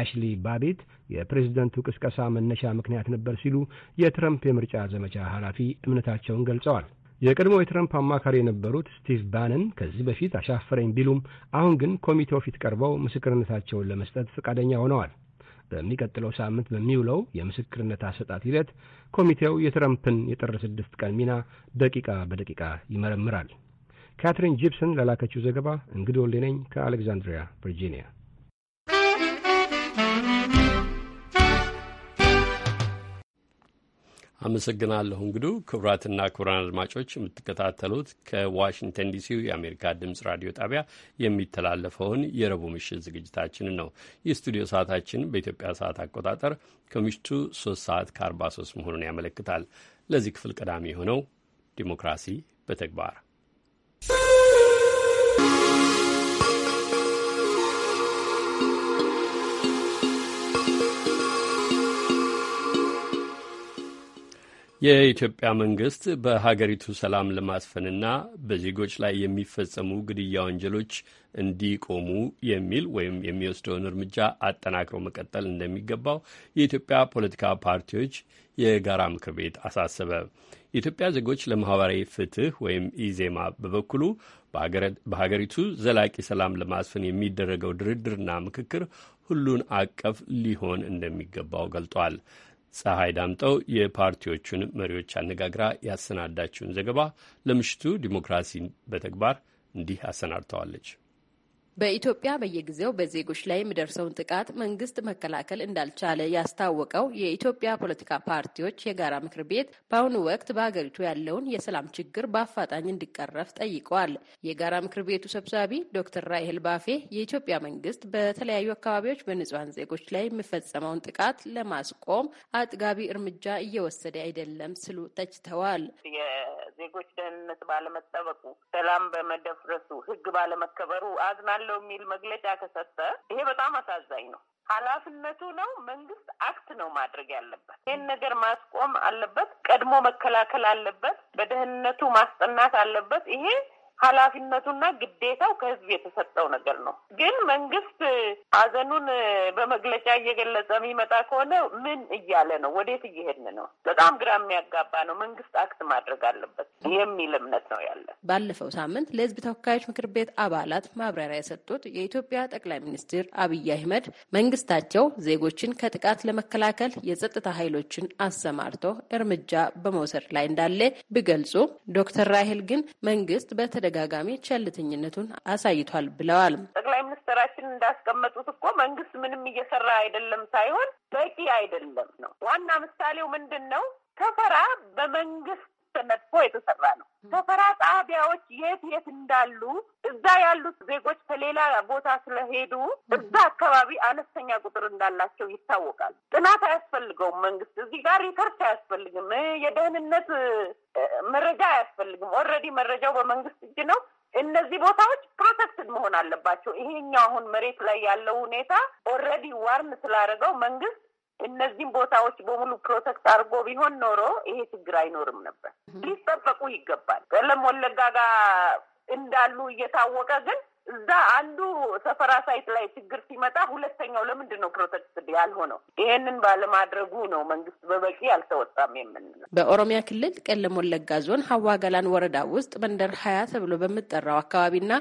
አሽሊ ባቤት የፕሬዝደንቱ ቅስቀሳ መነሻ ምክንያት ነበር ሲሉ የትረምፕ የምርጫ ዘመቻ ኃላፊ እምነታቸውን ገልጸዋል። የቀድሞ የትረምፕ አማካሪ የነበሩት ስቲቭ ባነን ከዚህ በፊት አሻፈረኝ ቢሉም አሁን ግን ኮሚቴው ፊት ቀርበው ምስክርነታቸውን ለመስጠት ፈቃደኛ ሆነዋል። በሚቀጥለው ሳምንት በሚውለው የምስክርነት አሰጣት ሂደት ኮሚቴው የትረምፕን የጥር ስድስት ቀን ሚና ደቂቃ በደቂቃ ይመረምራል። ካትሪን ጂፕሰን ለላከችው ዘገባ እንግዶ ሌነኝ ከአሌክዛንድሪያ ቨርጂኒያ አመሰግናለሁ እንግዱ። ክቡራትና ክቡራን አድማጮች የምትከታተሉት ከዋሽንግተን ዲሲው የአሜሪካ ድምጽ ራዲዮ ጣቢያ የሚተላለፈውን የረቡዕ ምሽት ዝግጅታችንን ነው። የስቱዲዮ ሰዓታችን በኢትዮጵያ ሰዓት አቆጣጠር ከምሽቱ 3 ሰዓት ከ43 መሆኑን ያመለክታል። ለዚህ ክፍል ቀዳሚ የሆነው ዲሞክራሲ በተግባር የኢትዮጵያ መንግስት በሀገሪቱ ሰላም ለማስፈንና በዜጎች ላይ የሚፈጸሙ ግድያ ወንጀሎች እንዲቆሙ የሚል ወይም የሚወስደውን እርምጃ አጠናክሮ መቀጠል እንደሚገባው የኢትዮጵያ ፖለቲካ ፓርቲዎች የጋራ ምክር ቤት አሳሰበ። የኢትዮጵያ ዜጎች ለማህበራዊ ፍትህ ወይም ኢዜማ በበኩሉ በሀገሪቱ ዘላቂ ሰላም ለማስፈን የሚደረገው ድርድርና ምክክር ሁሉን አቀፍ ሊሆን እንደሚገባው ገልጧል። ፀሐይ ዳምጠው የፓርቲዎቹን መሪዎች አነጋግራ ያሰናዳችውን ዘገባ ለምሽቱ ዲሞክራሲን በተግባር እንዲህ አሰናድተዋለች። በኢትዮጵያ በየጊዜው በዜጎች ላይ የሚደርሰውን ጥቃት መንግስት መከላከል እንዳልቻለ ያስታወቀው የኢትዮጵያ ፖለቲካ ፓርቲዎች የጋራ ምክር ቤት በአሁኑ ወቅት በሀገሪቱ ያለውን የሰላም ችግር በአፋጣኝ እንዲቀረፍ ጠይቀዋል። የጋራ ምክር ቤቱ ሰብሳቢ ዶክተር ራሄል ባፌ የኢትዮጵያ መንግስት በተለያዩ አካባቢዎች በንጹሐን ዜጎች ላይ የሚፈጸመውን ጥቃት ለማስቆም አጥጋቢ እርምጃ እየወሰደ አይደለም ስሉ ተችተዋል። የዜጎች ደህንነት ባለመጠበቁ፣ ሰላም በመደፍረሱ፣ ህግ ባለመከበሩ አዝናል አለው የሚል መግለጫ ከሰጠ ይሄ በጣም አሳዛኝ ነው። ኃላፊነቱ ነው። መንግስት አክት ነው ማድረግ ያለበት። ይህን ነገር ማስቆም አለበት። ቀድሞ መከላከል አለበት። በደህንነቱ ማስጠናት አለበት። ይሄ ኃላፊነቱና ግዴታው ከህዝብ የተሰጠው ነገር ነው። ግን መንግስት ሀዘኑን በመግለጫ እየገለጸ የሚመጣ ከሆነ ምን እያለ ነው? ወዴት እየሄድን ነው? በጣም ግራ የሚያጋባ ነው። መንግስት አክት ማድረግ አለበት የሚል እምነት ነው ያለ። ባለፈው ሳምንት ለህዝብ ተወካዮች ምክር ቤት አባላት ማብራሪያ የሰጡት የኢትዮጵያ ጠቅላይ ሚኒስትር አብይ አህመድ መንግስታቸው ዜጎችን ከጥቃት ለመከላከል የጸጥታ ኃይሎችን አሰማርተው እርምጃ በመውሰድ ላይ እንዳለ ቢገልጹ ዶክተር ራሄል ግን መንግስት በተደ በተደጋጋሚ ቸልተኝነቱን አሳይቷል ብለዋል። ጠቅላይ ሚኒስትራችን እንዳስቀመጡት እኮ መንግስት ምንም እየሰራ አይደለም ሳይሆን በቂ አይደለም ነው። ዋና ምሳሌው ምንድን ነው? ተፈራ በመንግስት ተነጥፎ የተሰራ ነው። ሰፈራ ጣቢያዎች የት የት እንዳሉ እዛ ያሉት ዜጎች ከሌላ ቦታ ስለሄዱ እዛ አካባቢ አነስተኛ ቁጥር እንዳላቸው ይታወቃል። ጥናት አያስፈልገውም። መንግስት እዚህ ጋር ሪሰርች አያስፈልግም። የደህንነት መረጃ አያስፈልግም። ኦልሬዲ መረጃው በመንግስት እጅ ነው። እነዚህ ቦታዎች ፕሮቴክትድ መሆን አለባቸው። ይሄኛው አሁን መሬት ላይ ያለው ሁኔታ ኦልሬዲ ዋርን ስላደረገው መንግስት እነዚህም ቦታዎች በሙሉ ፕሮቴክት አድርጎ ቢሆን ኖሮ ይሄ ችግር አይኖርም ነበር። ሊጠበቁ ይገባል። ቀለም ወለጋ ጋር እንዳሉ እየታወቀ ግን እዛ አንዱ ሰፈራ ሳይት ላይ ችግር ሲመጣ ሁለተኛው ለምንድን ነው ፕሮቴክት ያልሆነው? ይሄንን ባለማድረጉ ነው መንግስት በበቂ አልተወጣም የምንለው። በኦሮሚያ ክልል ቄለም ወለጋ ዞን ሀዋ ገላን ወረዳ ውስጥ መንደር ሀያ ተብሎ በምጠራው አካባቢና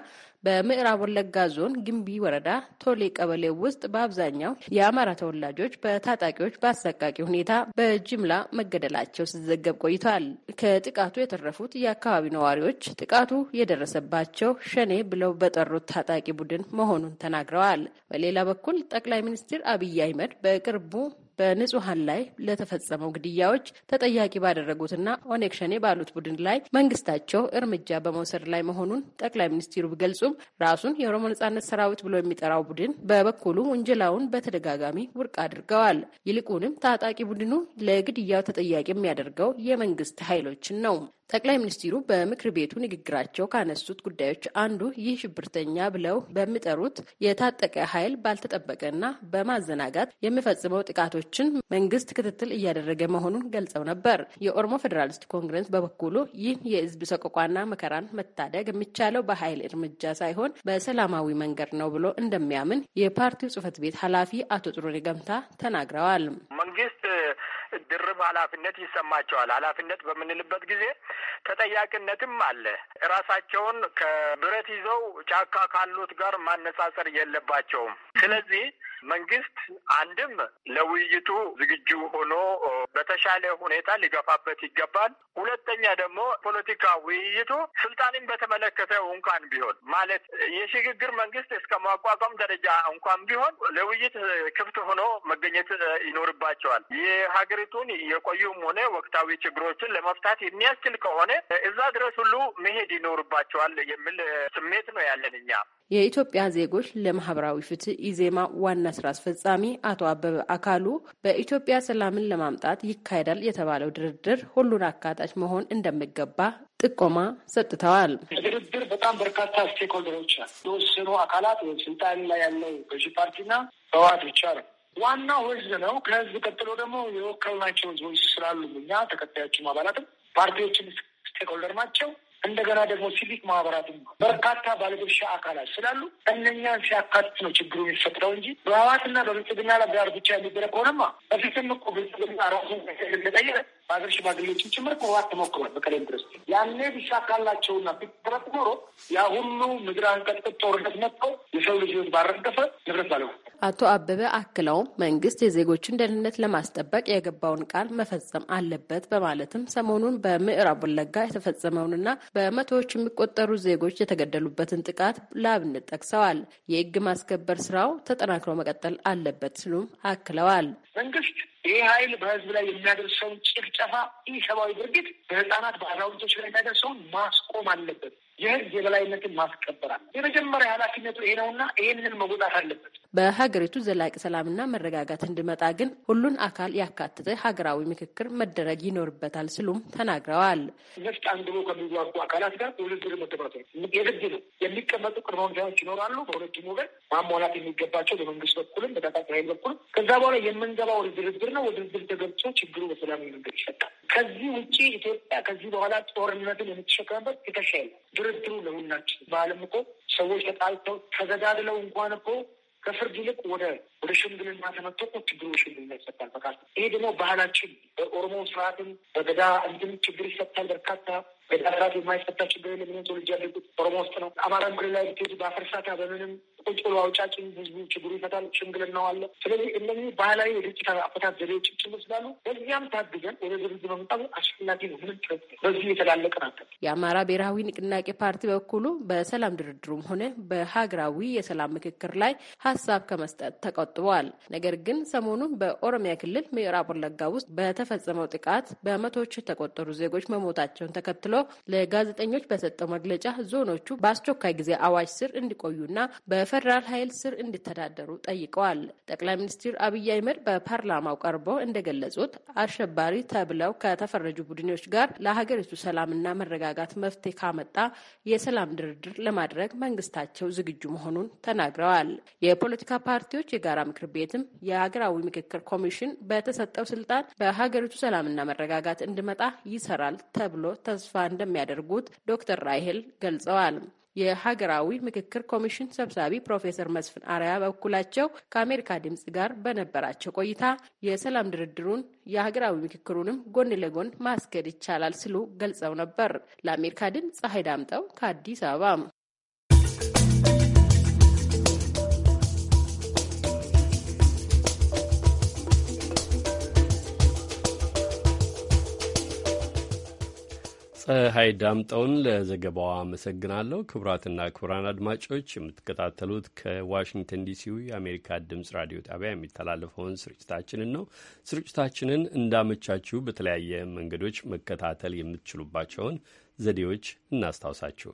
በምዕራብ ወለጋ ዞን ግንቢ ወረዳ ቶሌ ቀበሌ ውስጥ በአብዛኛው የአማራ ተወላጆች በታጣቂዎች በአሰቃቂ ሁኔታ በጅምላ መገደላቸው ሲዘገብ ቆይቷል። ከጥቃቱ የተረፉት የአካባቢው ነዋሪዎች ጥቃቱ የደረሰባቸው ሸኔ ብለው በጠሩት ታጣቂ ቡድን መሆኑን ተናግረዋል። በሌላ በኩል ጠቅላይ ሚኒስትር አብይ አህመድ በቅርቡ በንጹሐን ላይ ለተፈጸመው ግድያዎች ተጠያቂ ባደረጉትና ኦነግ ሸኔ ባሉት ቡድን ላይ መንግስታቸው እርምጃ በመውሰድ ላይ መሆኑን ጠቅላይ ሚኒስትሩ ቢገልጹም ራሱን የኦሮሞ ነጻነት ሰራዊት ብሎ የሚጠራው ቡድን በበኩሉ ውንጀላውን በተደጋጋሚ ውድቅ አድርገዋል። ይልቁንም ታጣቂ ቡድኑ ለግድያው ተጠያቂ የሚያደርገው የመንግስት ኃይሎችን ነው። ጠቅላይ ሚኒስትሩ በምክር ቤቱ ንግግራቸው ካነሱት ጉዳዮች አንዱ ይህ ሽብርተኛ ብለው በሚጠሩት የታጠቀ ኃይል ባልተጠበቀና በማዘናጋት የሚፈጽመው ጥቃቶችን መንግስት ክትትል እያደረገ መሆኑን ገልጸው ነበር። የኦሮሞ ፌዴራሊስት ኮንግረስ በበኩሉ ይህ የህዝብ ሰቆቋና መከራን መታደግ የሚቻለው በኃይል እርምጃ ሳይሆን በሰላማዊ መንገድ ነው ብሎ እንደሚያምን የፓርቲው ጽህፈት ቤት ኃላፊ አቶ ጥሩኔ ገምታ ተናግረዋል። መንግስት ድርብ ኃላፊነት ይሰማቸዋል። ኃላፊነት በምንልበት ጊዜ ተጠያቂነትም አለ። ራሳቸውን ከብረት ይዘው ጫካ ካሉት ጋር ማነጻጸር የለባቸውም። ስለዚህ መንግስት አንድም ለውይይቱ ዝግጁ ሆኖ በተሻለ ሁኔታ ሊገፋበት ይገባል። ሁለተኛ ደግሞ ፖለቲካ ውይይቱ ስልጣንን በተመለከተ እንኳን ቢሆን ማለት የሽግግር መንግስት እስከ ማቋቋም ደረጃ እንኳን ቢሆን ለውይይት ክፍት ሆኖ መገኘት ይኖርባቸዋል። የሀገር ሀገሪቱን የቆዩም ሆነ ወቅታዊ ችግሮችን ለመፍታት የሚያስችል ከሆነ እዛ ድረስ ሁሉ መሄድ ይኖርባቸዋል የሚል ስሜት ነው ያለን እኛ። የኢትዮጵያ ዜጎች ለማህበራዊ ፍትህ ኢዜማ ዋና ስራ አስፈጻሚ አቶ አበበ አካሉ በኢትዮጵያ ሰላምን ለማምጣት ይካሄዳል የተባለው ድርድር ሁሉን አካታች መሆን እንደሚገባ ጥቆማ ሰጥተዋል። ድርድር በጣም በርካታ ስቴክሆልደሮች የወሰኑ አካላት ስልጣን ላይ ያለው ገዢ ፓርቲና ህወሓት ብቻ ነው ዋናው ህዝብ ነው። ከህዝብ ቀጥሎ ደግሞ የወከልናቸው ህዝቦች ስላሉ እኛ ተከታዮችም አባላትም ፓርቲዎችን ስቴክሆልደር ናቸው። እንደገና ደግሞ ሲቪክ ማህበራትም በርካታ ባለድርሻ አካላት ስላሉ እነኛን ሲያካትት ነው ችግሩ የሚፈጥረው እንጂ በህዋትና በብልጽግና ጋር ብቻ የሚደረግ ከሆነማ በፊትም እኮ ብልጽግና ራሱ ለጠየቅ በሀገር ሽማግሌዎችን ጭምር ህወሓት ተሞክሯል። በቀደም ድረስ ያኔ ቢሳካላቸውና ቢጠረት ኖሮ ያ ሁሉ ምድር አንቀጥቅጥ ጦርነት መጥተው የሰው ልጅ ባረገፈ ንብረት ባለ አቶ አበበ አክለውም መንግስት የዜጎችን ደህንነት ለማስጠበቅ የገባውን ቃል መፈጸም አለበት በማለትም ሰሞኑን በምዕራብ ወለጋ የተፈጸመውንና በመቶዎች የሚቆጠሩ ዜጎች የተገደሉበትን ጥቃት ለአብነት ጠቅሰዋል። የህግ ማስከበር ስራው ተጠናክሮ መቀጠል አለበት ሲሉም አክለዋል። መንግስት ይህ ኃይል በህዝብ ላይ የሚያደርሰውን ጭፍጨፋ፣ ኢሰብአዊ ድርጊት በህፃናት በአዛውንቶች ላይ የሚያደርሰውን ማስቆም አለበት። የህግ የበላይነትን ማስቀበራል የመጀመሪያ ኃላፊነቱ ይሄ ነውና ይህንን መወጣት አለበት። በሀገሪቱ ዘላቂ ሰላምና መረጋጋት እንዲመጣ ግን ሁሉን አካል ያካተተ ሀገራዊ ምክክር መደረግ ይኖርበታል ሲሉም ተናግረዋል። ነፍጥ አንግቦ ከሚዋጉ አካላት ጋር ውድድር መገባት የግድ ነው። የሚቀመጡ ቅድመ ሁኔታዎች ይኖራሉ። በሁለቱም ወገን ማሟላት የሚገባቸው በመንግስት በኩልም በታጣቂ ኃይል በኩልም። ከዛ በኋላ የምንገባው ወደ ድርድር ነው። ወደ ድርድር ተገብቶ ችግሩ በሰላማዊ መንገድ ይፈታል። ከዚህ ውጭ ኢትዮጵያ ከዚህ በኋላ ጦርነትን የምትሸከምበት የተሻለ ድርድሩ ለሁላችን በዓለም እኮ ሰዎች ተጣልተው ተገዳድለው እንኳን እኮ ከፍርድ ይልቅ ወደ ወደ ሽምግልና ተመቶ እኮ ችግሩ ሽምግልና ይፈታል። በቃ ይሄ ደግሞ ባህላችን በኦሮሞ ስርዓትም በገዳ እንትን ችግር ይፈታል። በርካታ ገዳ ስርዓት የማይፈታ ችግር የለም። እኔም ልጅ ያደጉት ኦሮሞ ውስጥ ነው። አማራ ክልል ላይ ብትሄዱ በአፈርሳታ በምንም ቁጭ ብሎ አውጫጭን ህዝቡ ችግሩ ይፈታል። ሽምግልናው አለ። ስለዚህ እነዚህ ባህላዊ የግጭት አፈታት ዘዴዎች ጭምር ስላሉ በዚያም ታግዘን ወደ ድርድር መምጣቱ አስፈላጊ ነው። ምንም በዚህ የተላለቀ ናቸው። የአማራ ብሔራዊ ንቅናቄ ፓርቲ በኩሉ በሰላም ድርድሩም ሆነ በሀገራዊ የሰላም ምክክር ላይ ሀሳብ ከመስጠት ተቆጥ ተቆጥበዋል። ነገር ግን ሰሞኑን በኦሮሚያ ክልል ምዕራብ ወለጋ ውስጥ በተፈጸመው ጥቃት በመቶዎች የተቆጠሩ ዜጎች መሞታቸውን ተከትሎ ለጋዜጠኞች በሰጠው መግለጫ ዞኖቹ በአስቸኳይ ጊዜ አዋጅ ስር እንዲቆዩና በፌዴራል ኃይል ስር እንዲተዳደሩ ጠይቀዋል። ጠቅላይ ሚኒስትር አብይ አህመድ በፓርላማው ቀርቦ እንደገለጹት አሸባሪ ተብለው ከተፈረጁ ቡድኖች ጋር ለሀገሪቱ ሰላምና መረጋጋት መፍትሄ ካመጣ የሰላም ድርድር ለማድረግ መንግስታቸው ዝግጁ መሆኑን ተናግረዋል። የፖለቲካ ፓርቲዎች የጋራ የጋራ ምክር ቤትም የሀገራዊ ምክክር ኮሚሽን በተሰጠው ስልጣን በሀገሪቱ ሰላምና መረጋጋት እንዲመጣ ይሰራል ተብሎ ተስፋ እንደሚያደርጉት ዶክተር ራይሄል ገልጸዋል። የሀገራዊ ምክክር ኮሚሽን ሰብሳቢ ፕሮፌሰር መስፍን አርያ በበኩላቸው ከአሜሪካ ድምጽ ጋር በነበራቸው ቆይታ የሰላም ድርድሩን የሀገራዊ ምክክሩንም ጎን ለጎን ማስገድ ይቻላል ሲሉ ገልጸው ነበር። ለአሜሪካ ድምፅ ፀሐይ ዳምጠው ከአዲስ አበባ ፀሐይ ዳምጠውን ለዘገባዋ አመሰግናለሁ። ክቡራትና ክቡራን አድማጮች የምትከታተሉት ከዋሽንግተን ዲሲው የአሜሪካ ድምፅ ራዲዮ ጣቢያ የሚተላለፈውን ስርጭታችንን ነው። ስርጭታችንን እንዳመቻችሁ በተለያየ መንገዶች መከታተል የምትችሉባቸውን ዘዴዎች እናስታውሳችሁ።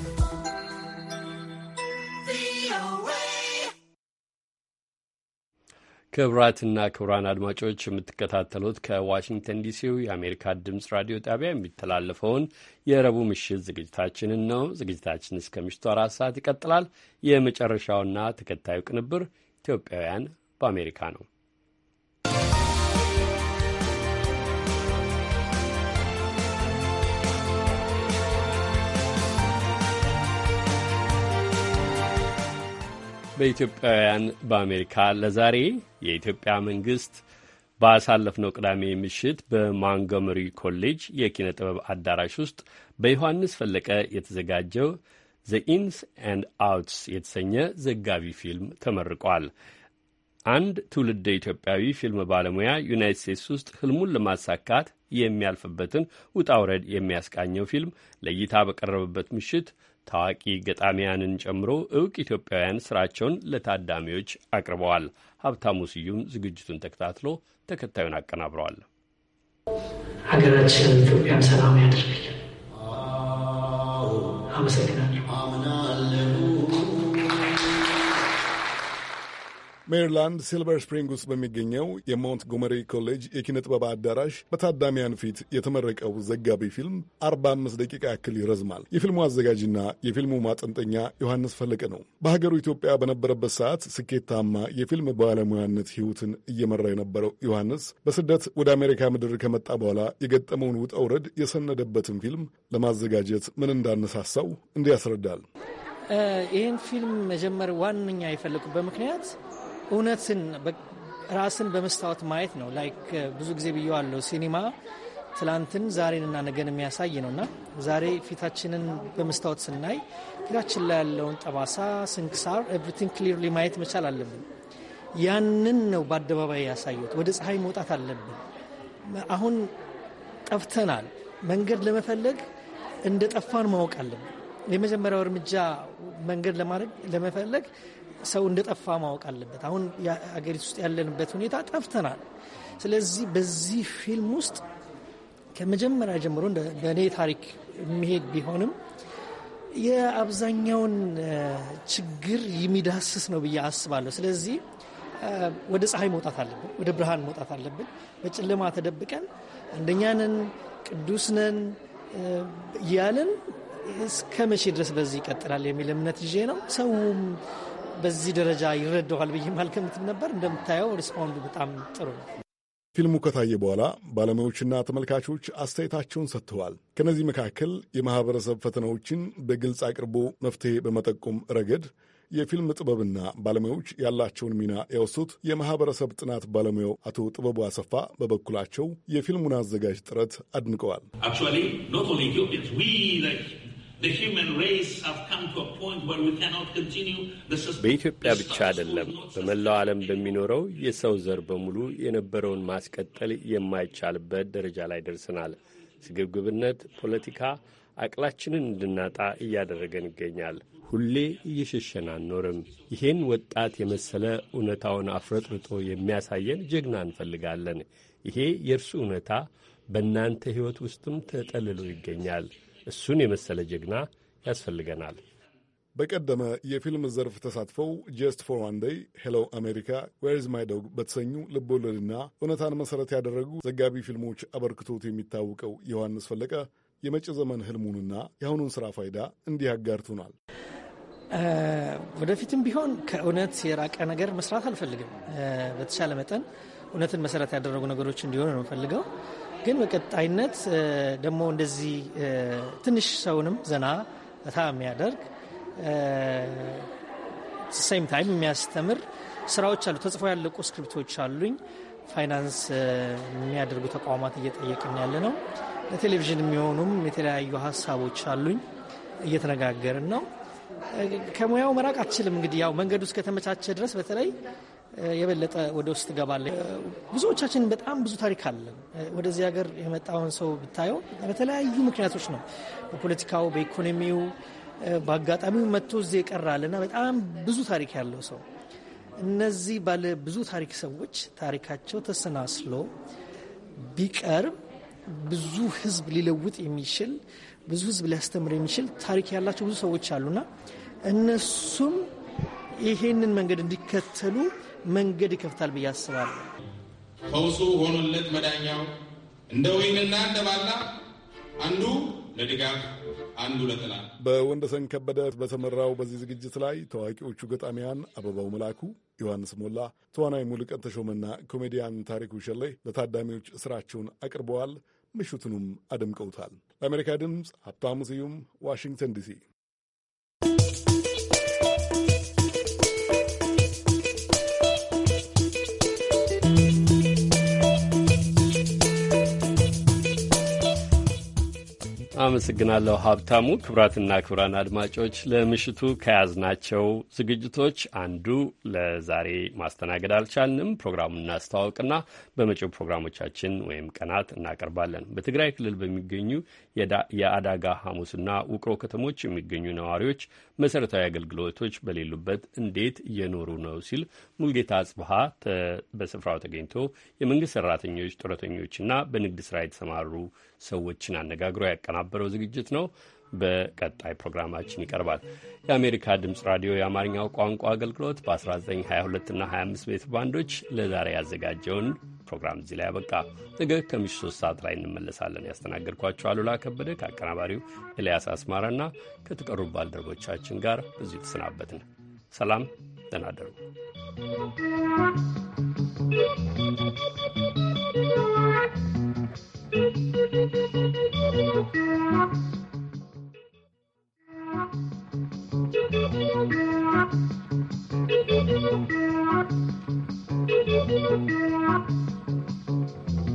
ክቡራትና ክቡራን አድማጮች የምትከታተሉት ከዋሽንግተን ዲሲው የአሜሪካ ድምፅ ራዲዮ ጣቢያ የሚተላለፈውን የረቡዕ ምሽት ዝግጅታችንን ነው። ዝግጅታችን እስከ ምሽቱ አራት ሰዓት ይቀጥላል። የመጨረሻውና ተከታዩ ቅንብር ኢትዮጵያውያን በአሜሪካ ነው። በኢትዮጵያውያን በአሜሪካ ለዛሬ የኢትዮጵያ መንግስት ባሳለፍነው ቅዳሜ ምሽት በማንጎመሪ ኮሌጅ የኪነ ጥበብ አዳራሽ ውስጥ በዮሐንስ ፈለቀ የተዘጋጀው ዘኢንስ ኤንድ አውትስ የተሰኘ ዘጋቢ ፊልም ተመርቋል። አንድ ትውልደ ኢትዮጵያዊ ፊልም ባለሙያ ዩናይት ስቴትስ ውስጥ ህልሙን ለማሳካት የሚያልፍበትን ውጣ ውረድ የሚያስቃኘው ፊልም ለእይታ በቀረበበት ምሽት ታዋቂ ገጣሚያንን ጨምሮ እውቅ ኢትዮጵያውያን ስራቸውን ለታዳሚዎች አቅርበዋል። ሀብታሙ ስዩም ዝግጅቱን ተከታትሎ ተከታዩን አቀናብረዋል። ሀገራችን ኢትዮጵያን ሰላም ያደርግልን። አመሰግናለሁ። ሜሪላንድ ሲልቨር ስፕሪንግ ውስጥ በሚገኘው የሞንት ጎመሪ ኮሌጅ የኪነ ጥበብ አዳራሽ በታዳሚያን ፊት የተመረቀው ዘጋቢ ፊልም 45 ደቂቃ ያክል ይረዝማል። የፊልሙ አዘጋጅና የፊልሙ ማጠንጠኛ ዮሐንስ ፈለቀ ነው። በሀገሩ ኢትዮጵያ በነበረበት ሰዓት ስኬታማ የፊልም ባለሙያነት ሕይወትን እየመራ የነበረው ዮሐንስ በስደት ወደ አሜሪካ ምድር ከመጣ በኋላ የገጠመውን ውጣ ውረድ የሰነደበትን ፊልም ለማዘጋጀት ምን እንዳነሳሳው እንዲህ ያስረዳል። ይህን ፊልም መጀመር ዋነኛ የፈለጉበት ምክንያት እውነትን ራስን በመስታወት ማየት ነው። ላይክ ብዙ ጊዜ ብየዋለሁ፣ ሲኒማ ትላንትን ዛሬንና ነገን የሚያሳይ ነውና ዛሬ ፊታችንን በመስታወት ስናይ ፊታችን ላይ ያለውን ጠባሳ፣ ስንክሳር፣ ኤቭሪቲንግ ክሊርሊ ማየት መቻል አለብን። ያንን ነው በአደባባይ ያሳዩት። ወደ ፀሐይ መውጣት አለብን። አሁን ጠፍተናል። መንገድ ለመፈለግ እንደ ጠፋን ማወቅ አለብን። የመጀመሪያው እርምጃ መንገድ ለማድረግ ለመፈለግ ሰው እንደጠፋ ማወቅ አለበት። አሁን አገሪቱ ውስጥ ያለንበት ሁኔታ ጠፍተናል። ስለዚህ በዚህ ፊልም ውስጥ ከመጀመሪያ ጀምሮ በእኔ ታሪክ የሚሄድ ቢሆንም የአብዛኛውን ችግር የሚዳስስ ነው ብዬ አስባለሁ። ስለዚህ ወደ ፀሐይ መውጣት አለብን፣ ወደ ብርሃን መውጣት አለብን። በጨለማ ተደብቀን አንደኛንን ቅዱስነን እያልን እስከ መቼ ድረስ በዚህ ይቀጥላል የሚል እምነት ይዤ ነው ሰውም በዚህ ደረጃ ይረዳዋል ብዬ አልገምትም ነበር። እንደምታየው ሪስፖንዱ በጣም ጥሩ ነው። ፊልሙ ከታየ በኋላ ባለሙያዎችና ተመልካቾች አስተያየታቸውን ሰጥተዋል። ከእነዚህ መካከል የማህበረሰብ ፈተናዎችን በግልጽ አቅርቦ መፍትሄ በመጠቆም ረገድ የፊልም ጥበብና ባለሙያዎች ያላቸውን ሚና ያወሱት የማህበረሰብ ጥናት ባለሙያው አቶ ጥበቡ አሰፋ በበኩላቸው የፊልሙን አዘጋጅ ጥረት አድንቀዋል። በኢትዮጵያ ብቻ አይደለም፣ በመላው ዓለም በሚኖረው የሰው ዘር በሙሉ የነበረውን ማስቀጠል የማይቻልበት ደረጃ ላይ ደርሰናል። ስግብግብነት፣ ፖለቲካ አቅላችንን እንድናጣ እያደረገን ይገኛል። ሁሌ እየሸሸን አንኖርም። ይሄን ወጣት የመሰለ እውነታውን አፍረጥርጦ የሚያሳየን ጀግና እንፈልጋለን። ይሄ የእርሱ እውነታ በእናንተ ሕይወት ውስጥም ተጠልሎ ይገኛል። እሱን የመሰለ ጀግና ያስፈልገናል። በቀደመ የፊልም ዘርፍ ተሳትፈው ጀስት ፎር ዋን ደይ፣ ሄሎ አሜሪካ፣ ዌርዝ ማይ ዶግ በተሰኙ ወለድና እውነታን መሠረት ያደረጉ ዘጋቢ ፊልሞች አበርክቶት የሚታወቀው ዮሐንስ ፈለቀ የመጪ ዘመን ህልሙንና የአሁኑን ስራ ፋይዳ እንዲህ ያጋርቱናል። ወደፊትም ቢሆን ከእውነት የራቀ ነገር መስራት አልፈልግም። በተቻለ መጠን እውነትን መሰረት ያደረጉ ነገሮች እንዲሆን ነው የምፈልገው። ግን በቀጣይነት ደግሞ እንደዚህ ትንሽ ሰውንም ዘና ታ የሚያደርግ ሴም ታይም የሚያስተምር ስራዎች አሉ። ተጽፎ ያለቁ ስክሪፕቶች አሉኝ። ፋይናንስ የሚያደርጉ ተቋማት እየጠየቅን ያለ ነው። ለቴሌቪዥን የሚሆኑም የተለያዩ ሀሳቦች አሉኝ። እየተነጋገርን ነው። ከሙያው መራቅ አትችልም። እንግዲህ ያው መንገዱ እስከተመቻቸ ድረስ በተለይ የበለጠ ወደ ውስጥ እገባለሁ። ብዙዎቻችን በጣም ብዙ ታሪክ አለን። ወደዚህ ሀገር የመጣውን ሰው ብታየው በተለያዩ ምክንያቶች ነው፣ በፖለቲካው፣ በኢኮኖሚው፣ በአጋጣሚው መጥቶ እዚህ ይቀራል እና በጣም ብዙ ታሪክ ያለው ሰው እነዚህ ባለ ብዙ ታሪክ ሰዎች ታሪካቸው ተሰናስሎ ቢቀርብ ብዙ ሕዝብ ሊለውጥ የሚችል ብዙ ሕዝብ ሊያስተምር የሚችል ታሪክ ያላቸው ብዙ ሰዎች አሉና እነሱም ይሄንን መንገድ እንዲከተሉ መንገድ ይከፍታል ብዬ አስባለሁ። ፈውሱ ሆኖለት መዳኛው እንደ ወይንና እንደ ባላ አንዱ ለድጋፍ አንዱ ለጥላ በወንደሰን ከበደ በተመራው በዚህ ዝግጅት ላይ ታዋቂዎቹ ገጣሚያን አበባው መላኩ፣ ዮሐንስ ሞላ፣ ተዋናይ ሙልቀት ተሾመና ኮሜዲያን ታሪኩ ሸሌ ለታዳሚዎች ስራቸውን አቅርበዋል። ምሽቱንም አደምቀውታል። ለአሜሪካ ድምፅ ሀብታሙ ስዩም ዋሽንግተን ዲሲ አመሰግናለሁ ሀብታሙ። ክብራትና ክብራን አድማጮች ለምሽቱ ከያዝናቸው ዝግጅቶች አንዱ ለዛሬ ማስተናገድ አልቻልንም። ፕሮግራሙን እናስተዋውቅና በመጪው ፕሮግራሞቻችን ወይም ቀናት እናቀርባለን። በትግራይ ክልል በሚገኙ የአዳጋ ሐሙስና ውቅሮ ከተሞች የሚገኙ ነዋሪዎች መሠረታዊ አገልግሎቶች በሌሉበት እንዴት እየኖሩ ነው ሲል ሙልጌታ አጽብሃ በስፍራው ተገኝቶ የመንግሥት ሠራተኞች፣ ጡረተኞችና በንግድ ሥራ የተሰማሩ ሰዎችን አነጋግሮ ያቀናበረው ዝግጅት ነው። በቀጣይ ፕሮግራማችን ይቀርባል። የአሜሪካ ድምፅ ራዲዮ የአማርኛው ቋንቋ አገልግሎት በ1922 እና 25 ሜትር ባንዶች ለዛሬ ያዘጋጀውን ፕሮግራም እዚህ ላይ ያበቃ። ነገ ከምሽት ሶስት ሰዓት ላይ እንመለሳለን። ያስተናገድኳቸው አሉላ ከበደ ከአቀናባሪው ኤልያስ አስማራና ከተቀሩ ባልደረቦቻችን ጋር በዚሁ ተሰናበትን። ሰላም፣ ደህና እደሩ።